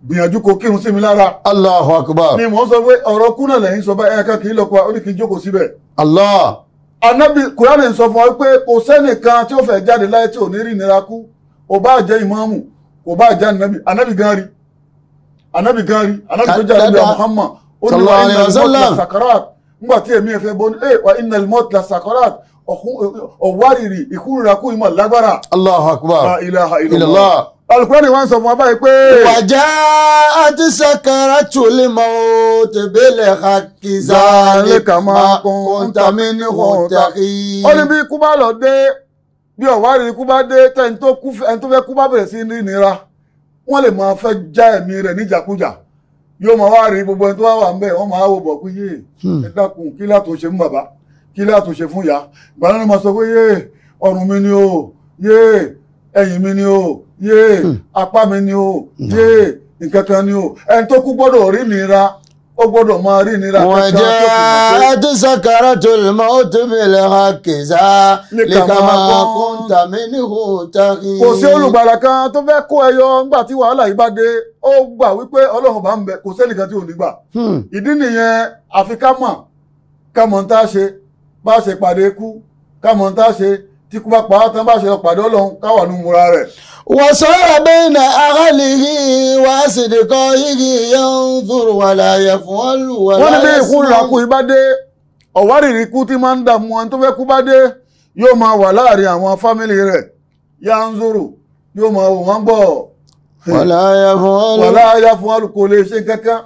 Speaker 1: gbìyànjú kò kírun sí mi lára. Allahu akbar. Ni mò ń sọ pé ọ̀rọ̀ kúnà lẹ́yìn sọ bá ẹ̀ka kì í lọ pa ó ní kí n jókòó síbẹ̀. Allah. Anábì Kùránì sọ fún wa pé kò sẹ́nìkan tí ó fẹ́ jáde láyé tí ò ní rí ìnira kú. Kò bá jẹ́ ìmáàmù, kò bá jẹ́ ànábì, ànábì gan rí. Ànábì gan rí, ànábì tó jẹ́ ànábì Muhammad. Ó ní wàá ń ngbà tí ẹ̀mí ẹ̀fẹ́ bọ́ ẹ̀ wà iná mọ́t la sakarat ọ̀wárìrì ìkúrira kú ìmọ̀ lágbára. Allahu akbar ilaha illallah. alukurani wa ń sọ fún wa báyìí pé. wàjà àti sakara tuli ma o tẹ̀bẹ̀lẹ̀ ha kìzá lè kà máa ó ní bí kú lọ dé bí ọ̀wárìrì kú dé tẹ̀ ẹni tó fẹ́ kú bẹ̀rẹ̀ sí ní ìnira wọ́n lè máa fẹ́ já ẹ̀mí rẹ̀ níjàkújà yóò máa wá rí gbogbo ẹni tó wá wà ń bẹ̀ wọ́n máa wò bọ̀ pé yé hmm. ẹ dákun kí látò ṣe fún bàbá kí látò ṣe fún ìyá ìgbàlá ni mo sọ pé yé ọrùn mi ni o yé ẹ̀yìn mi ni o yé hmm. apá mi ni o hmm. yé nǹkan kan ni o ẹni tó kú gbọ́dọ̀ rí nira ó gbọ́dọ̀ máa rí ìnira kankan tó fi wọ́n jẹ́ ẹtí sakara tó lè mọ ó tẹ̀mí ìlera kìsà lè ká máa kún tàmí níhò tàkì. kò sí olùgbàlà kan tó fẹ́ kó ẹyọ ńgbà tí wàhálà yìí bá dé ó gbà wípé ọlọ́run bá ń bẹ kò sẹ́nìkan tí ò ní gbà. Hmm. ìdí nìyẹn àfi ká mọ̀ ká mọ̀ ń tá a ṣe bá a ṣe pàdé ikú ká mọ̀ ń tá a ṣe tí kú bá pa á tán bá ṣe pàdé ọlọ́run káwà ní múra rẹ̀. wọ́n sọ̀rọ̀ bẹ́ẹ̀ na aráàlú yìí wá sì lè kọ́ yìí yẹn ń dùrù wà láàyè fún wọn lù wà láàyè sí. wọ́n ní bí ikú làkú ibà dé ọ̀wárìrì ikú tí máa ń dààmú wọn tó fẹ́ kú bá dé yóò máa wà láàrin àwọn fámìlì rẹ̀ yá ń zòrò yóò máa wò wọ́n gbọ́. wà láàyè fún wọn kò lè ṣe kankan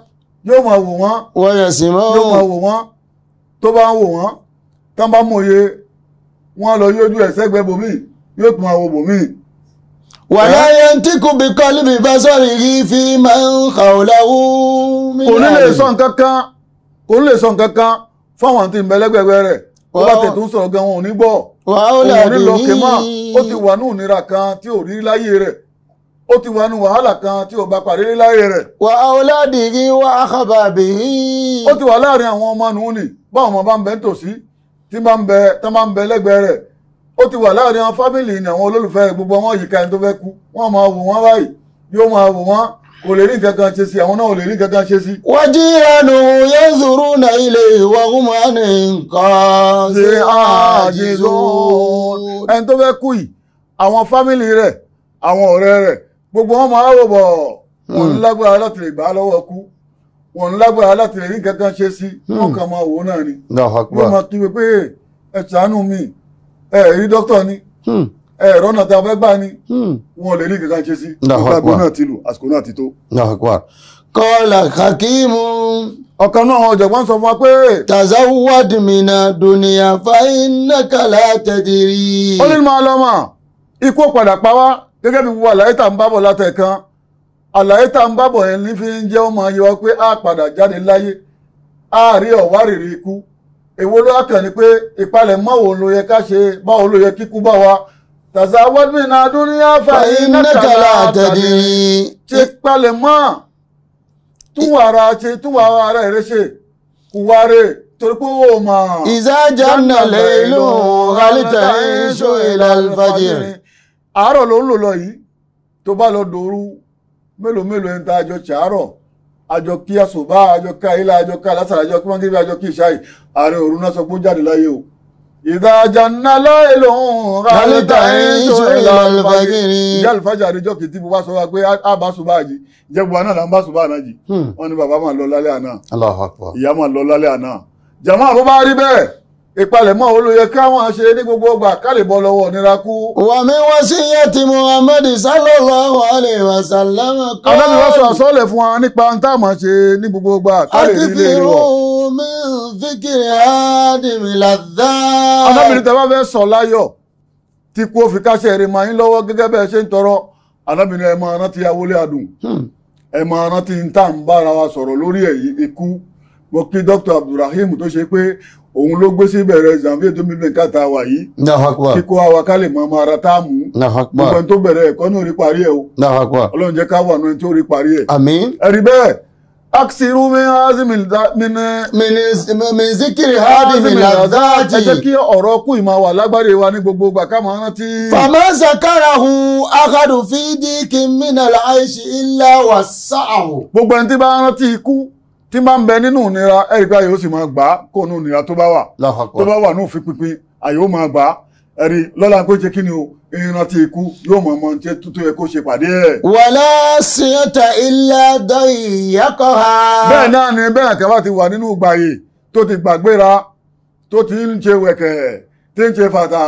Speaker 1: yóò máa wò wọ́n. wọ́n yẹ̀ sí mọ́ wọ́n lọ yójú ẹ̀ sẹ́gbẹ́ bòmí yóò tún àwọn bòmí. wàlá yẹn tí kò bí kọ́lí bí bá sọ̀rọ̀ yìí fi máa ń kà ó láwú. kò ní lè sọ nǹkan kan kò ní lè sọ nǹkan kan fáwọn tí ń bẹ rẹ̀ ó bá tẹ̀ tó ń sọ̀rọ̀ gan wọn ò ní gbọ́ òun ní lọ ó ti wà ní òníra kan tí ò bá pàdé láyé rẹ̀. wà á ọládìrí wà á kábàbì. ó ti wà láàrin àwọn ọmọ nù ní báwọn ọmọ bá ń bẹ ń tòsí tí máa ń bẹ tán máa ń bẹ lẹ́gbẹ̀ẹ́ rẹ̀ ó ti wà láàrin àwọn fámìlì ni àwọn olólùfẹ́ gbogbo wọn yìí káyọ̀ tó fẹ́ kú wọ́n máa wò wọ́n báyìí yóò máa wò wọ́n kò lè rí nǹkan kan ṣe sí àwọn náà ò lè rí nǹkan kan ṣe sí. wọ́n jí ìranù yóò zòrò nà ilé ìwà ọmọ ní nǹkan ṣe àjèjò. ẹni tó fẹ́ kú yìí àwọn fámìlì rẹ̀ àwọn ọ̀rẹ́ rẹ̀ gbogbo wọn máa wò bọ̀ wọn hmm. lágbára láti lè gbà á lọ́wọ́ kú wọn lágbára láti lè rí kankan ṣe sí hmm. wọn kàn máa wò náà ni wọn máa kíwe pé ẹ ṣàánú mi ẹ rí dókítà ni hmm. ẹ rọ́nà tí a fẹ́ gbà ni hmm. wọn lè rí kankan ṣe sí ìgbàgbọ́ náà ti lù àsìkò náà ti tó. kọ́lá hakimu. ọ̀kan náà àwọn ọ̀jọ̀gbọ́n sọ fún wa pé. tazawwad mina dunya fa innaka la tadri. ó ní máa lọ́ ikú padà pa wá gẹ́gẹ́ bí wàhálà ìta ń bábọ̀ látẹ̀ kan. àlàyé tá à ń bábọ̀ yẹn ní fi ń jẹ́ ọmọ ayé wa pé a padà jáde láyé a rí ọ̀wárìrì ikú èwo ló kàn ní pé ìpalẹ̀mọ́ wo ló yẹ ká ṣe báwo ló yẹ kíkú bá wa tàṣà wọ́dúnmínà dúníyà fàyè nàkàlà àtẹ̀dí ṣe palẹ̀mọ́ túwọ̀ ara ṣe túwọ̀ ara rẹ̀ ṣe kùwárè torí pé ó mọ̀. ìsájà nàlẹ́ ìlú alítà ìṣó ìlà alfajiri. àárọ̀ ló ń lò lọ yìí tó bá lọ dòru mélòó mélòó ẹni tá a jọ ṣàárọ̀ àjọ kí àṣùbá àjọ ká ilé àjọ ká lásàrà àjọ kí mọ́kírí àjọ kí ìṣáì ààrẹ òru náà sọ pé ó jáde láyé o. ìdájà ńlá láì lòun ra níta ẹni tó ìlà alùpàgìrì. ìyá alùpàjà àdéjọ kì í tí mo bá sọ wa pé a bá ṣùbá àjì jẹ́gbọ́n náà là ń bá ṣùbá àná jì. Hmm. wọ́n ní bàbá máa lọ lálẹ́ àná. ìyá máa lọ lálẹ́ àná. jàmáà bó rí bẹ́ẹ̀ ìpalẹ̀mọ́ wo ló yẹ káwọn ṣe ní gbogbo ọgbà ká lè bọ́ lọ́wọ́ nira kú. wà mí wá sí iye tí muhammed sallallahu alayhi wa sallam kọ́. adájọ́ wá sọ àsọ́ọ̀lẹ̀ fún wa nípa ń táàmù ṣe ní gbogbo ọgbà ká lè rí ilé rọ. àti mi fíkìrì ádìmí làdá. anábìrin tẹ́ bá fẹ́ sọ láyọ̀ tí kú ó fi káṣẹ́ rí màá yín lọ́wọ́ gẹ́gẹ́ bẹ́ẹ̀ ṣe ń tọrọ anábìrin ẹ̀ máa rántí awolé adùn hmm. ẹ̀ máa rántí ń tà ń bára wa sọ̀rọ̀ lórí ikú mo kí dr abdulrahim tó ṣe pé òun ló gbé sí bẹ̀rẹ̀ Zambia tó bíbẹ̀ káta wà yìí kíkó ara tá a mú gbogbo tó bẹ̀rẹ̀ ẹ̀kọ́ ní orí parí ẹ̀ o ọlọ́run jẹ́ ká wà ní parí ẹ̀ ẹ̀rí bẹ́ẹ̀ aksiru min zikiri ẹ jẹ́ kí ọ̀rọ̀ kù wà ní gbogbo ká máa rántí. gbogbo ẹni tí bá rántí ikú tí máa ń bẹ nínú ìnira ẹ̀rí pé ayé ó sì máa gbà á kó nínú ìnira tó bá wà tó bá wà ní òfin pínpín ayé ó máa gbà á ẹ̀rí lọ́la pé ṣe kí ni o ìrántí ikú yóò mọ̀ ọmọ tí tó yẹ kó ṣe pàdé ẹ̀. wàlá síyọ́tà ilẹ̀ ọ̀dọ́ ìyẹ́kọ̀ ha. bẹ́ẹ̀ náà ni bẹ́ẹ̀ kẹ́ bá ti wà nínú gbàyè tó ti gbàgbéra tó ti ń ṣe wẹ̀kẹ̀ tí ń ṣe fàtà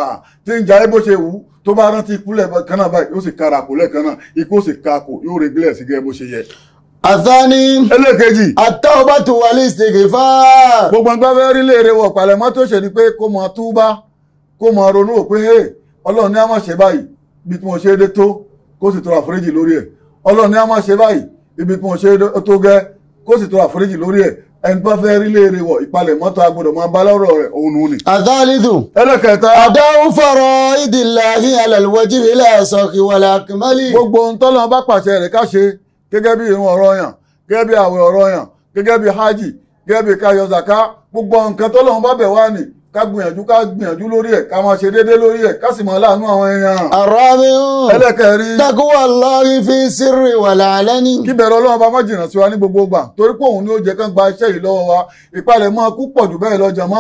Speaker 1: tí ń jayé bó ṣe wù tó bá rántí ikú lẹ̀ kan náà báyìí yóò sì kára kò lẹ́ẹ̀kan náà ikú ó sì ká kò yóò regbílẹ̀ sí gẹ́ bó ṣe yẹ àtàní. ẹlẹ́kejì. àtàwọn bá tún wà ní ìsèké fá. gbogbo nǹkan fẹ́ rí léèrè wọ̀ pàlẹ́mọ́ tó ṣe ni pé kó mọ túbá kó mọ ronú òpé hey ọlọ́run ní a máa ṣe báyìí ibi tí mo ṣe é dé tó kó sì tọrọ àforíjì lórí ẹ̀ ọlọ́run ní a máa ṣe báyìí ibi tí mo ṣe é tó gẹ́ kó sì tọrọ àforíjì lórí ẹ̀ ẹni bá fẹ́ rí léèrè wọ̀ ìpalẹ̀mọ́ tó agbọ́dọ̀ máa bá lọ́rọ̀ rẹ̀ òun nù ni. àdáàlìdù. ẹlẹ́kẹta. àdáhùn fọ̀rọ̀ ìdìlà ní alàlùwọ́jì ilẹ̀ ẹ̀sọ́ kìwàlà kìmọ́lì. gbogbo ohun tọ́lọ́ bá pàṣẹ rẹ̀ ká ṣe gẹ́gẹ́ bí irun ọ̀ranyàn gẹ́gẹ́ bí àwẹ̀ ọ̀ranyàn gẹ́gẹ́ bí hajj gẹ́gẹ́ bí ká yọ zaka gbogbo nǹkan tọ́lọ́run bá bẹ̀ wá ni ká gbìyànjú ká gbìyànjú lórí ẹ̀ ká máa ṣe déédé lórí ẹ̀ ká sì máa láàánú àwọn èèyàn. àràbíhùn ẹlẹ́kẹ̀rí. takuwa Allahi fi sírì wà láàlẹ́ni. kí bẹ̀rù ọlọ́run bá má jìnnà sí wa ní gbogbo gbà torí pé òun ni ó jẹ́ kán gba iṣẹ́ yìí lọ́wọ́ wa ìpalẹ̀mọ́ kú pọ̀ jù bẹ́ẹ̀ lọ jàmá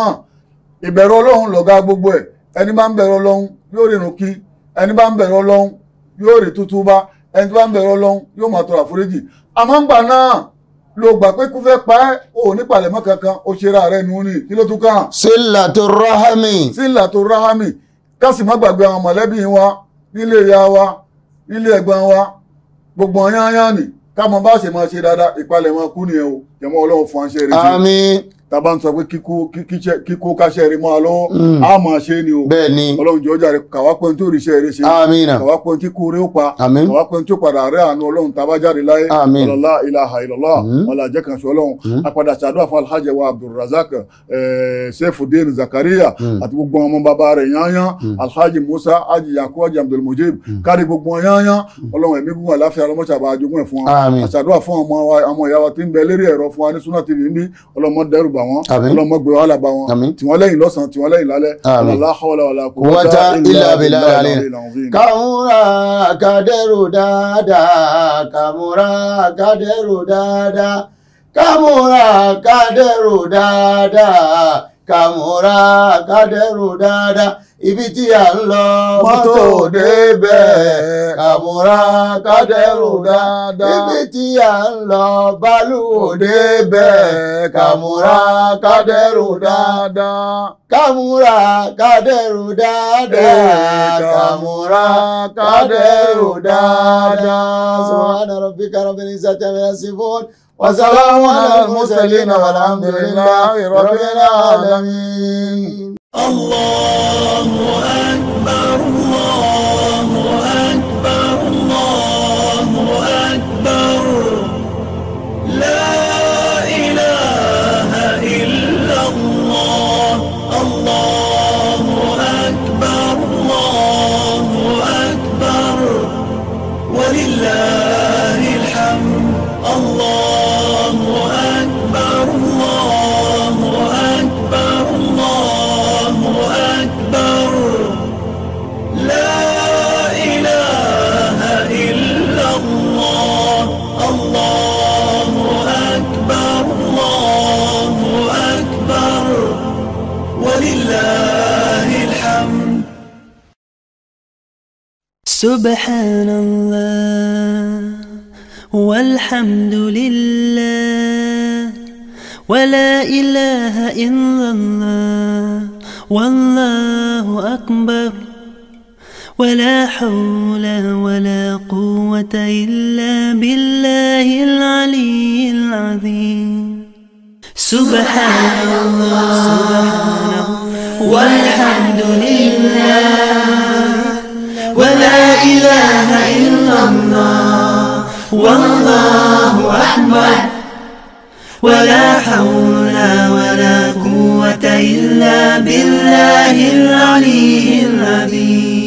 Speaker 1: ìbẹ̀rù ọlọ́run lọ̀gá gbogbo ẹ̀ ẹni bá ń bẹ̀rù ọlọ́run yóò rìnrìn kí ẹni bá ń bẹ̀rù ọlọ́run yóò rí tútú ẹni tó bá ń bẹ̀rẹ̀ ọlọ́run yóò máa tọrọ àforíjì àmọ́ ń gbà náà ló gbà pé kú pa ẹ́ ò ní palẹ̀mọ́ kankan ó ṣe ra rẹ̀ nù kí ló tún kàn. sílà tó ráhámì. sílà tó ráhámì kásì má gbàgbé àwọn mọ̀lẹ́bí wa nílé ìyá wa nílé ẹ̀gbọ́n wa gbogbo ọ̀yán yán ni ká mọ bá ṣe máa ṣe dáadáa ìpalẹ̀mọ́ kú nìyẹn o jẹmọ́ Ọlọ́run fún aṣẹ rẹ ṣe àmín tàbá ń sọ pé kíkó káṣẹ rẹ mọ́ alọ́ mm. a máa ṣe ni o bẹ́ẹ̀ ni Ọlọ́run jọ̀ọ́ rẹ kàwá pé tó rí iṣẹ́ rẹ ṣe àmín kàwá pé tí kú rẹ ó pa àmín kàwá pé tó padà rẹ àánú Ọlọ́run tàbá jáde láyé ọlọlá ilaha illallah mm. ọlá àjẹkànṣe Ọlọ́run mm. apàdà ṣàdúrà fún alhaji wa abdulrasaq eh, sefudin zakaria àti gbogbo ọmọ bàbá rẹ yanyan alhaji musa aji yakubu aji abdulmujib kárí gbogbo yanyan Ọlọ́run ẹ̀mí gígùn àláfíà ọlọmọṣàbà àjogún ẹ fún wa àṣàdúrà fún ọ̀rọ̀ fún wa ní Sunna TV níbi ọlọ́mọ dẹ́rù bà wọ́n ọlọ́mọ gbé wàhálà bà wọ́n lẹ́yìn lọ́sàn-án tiwọn lẹ́yìn lálẹ́ la hawla wala quwwata illa billahi kàmúra kàdẹ́rù dáadáa kàmúra kàdẹ́rù dáadáa kàmúra kàdẹ́rù dáadáa kàmúra kàdẹ́rù dáadáa ibi tí a ń lọ mọ́tò débẹ̀ kàmúra kádẹ́rù dáadáa ibi tí a ń lọ bálùwò débẹ̀ kàmúra kádẹ́rù dáadáa kàmúra kádẹ́rù dáadáa kàmúra kádẹ́rù dáadáa. subhana rabbika rabbil izzati amma yasifun. وسلام على المرسلين والحمد لله رب العالمين الله أكبر سبحان الله والحمد لله ولا إله إلا الله والله أكبر ولا حول ولا قوة إلا بالله العلي العظيم سبحان الله والحمد لله ولا إله إلا الله والله أكبر ولا حول ولا قوة إلا بالله العلي العظيم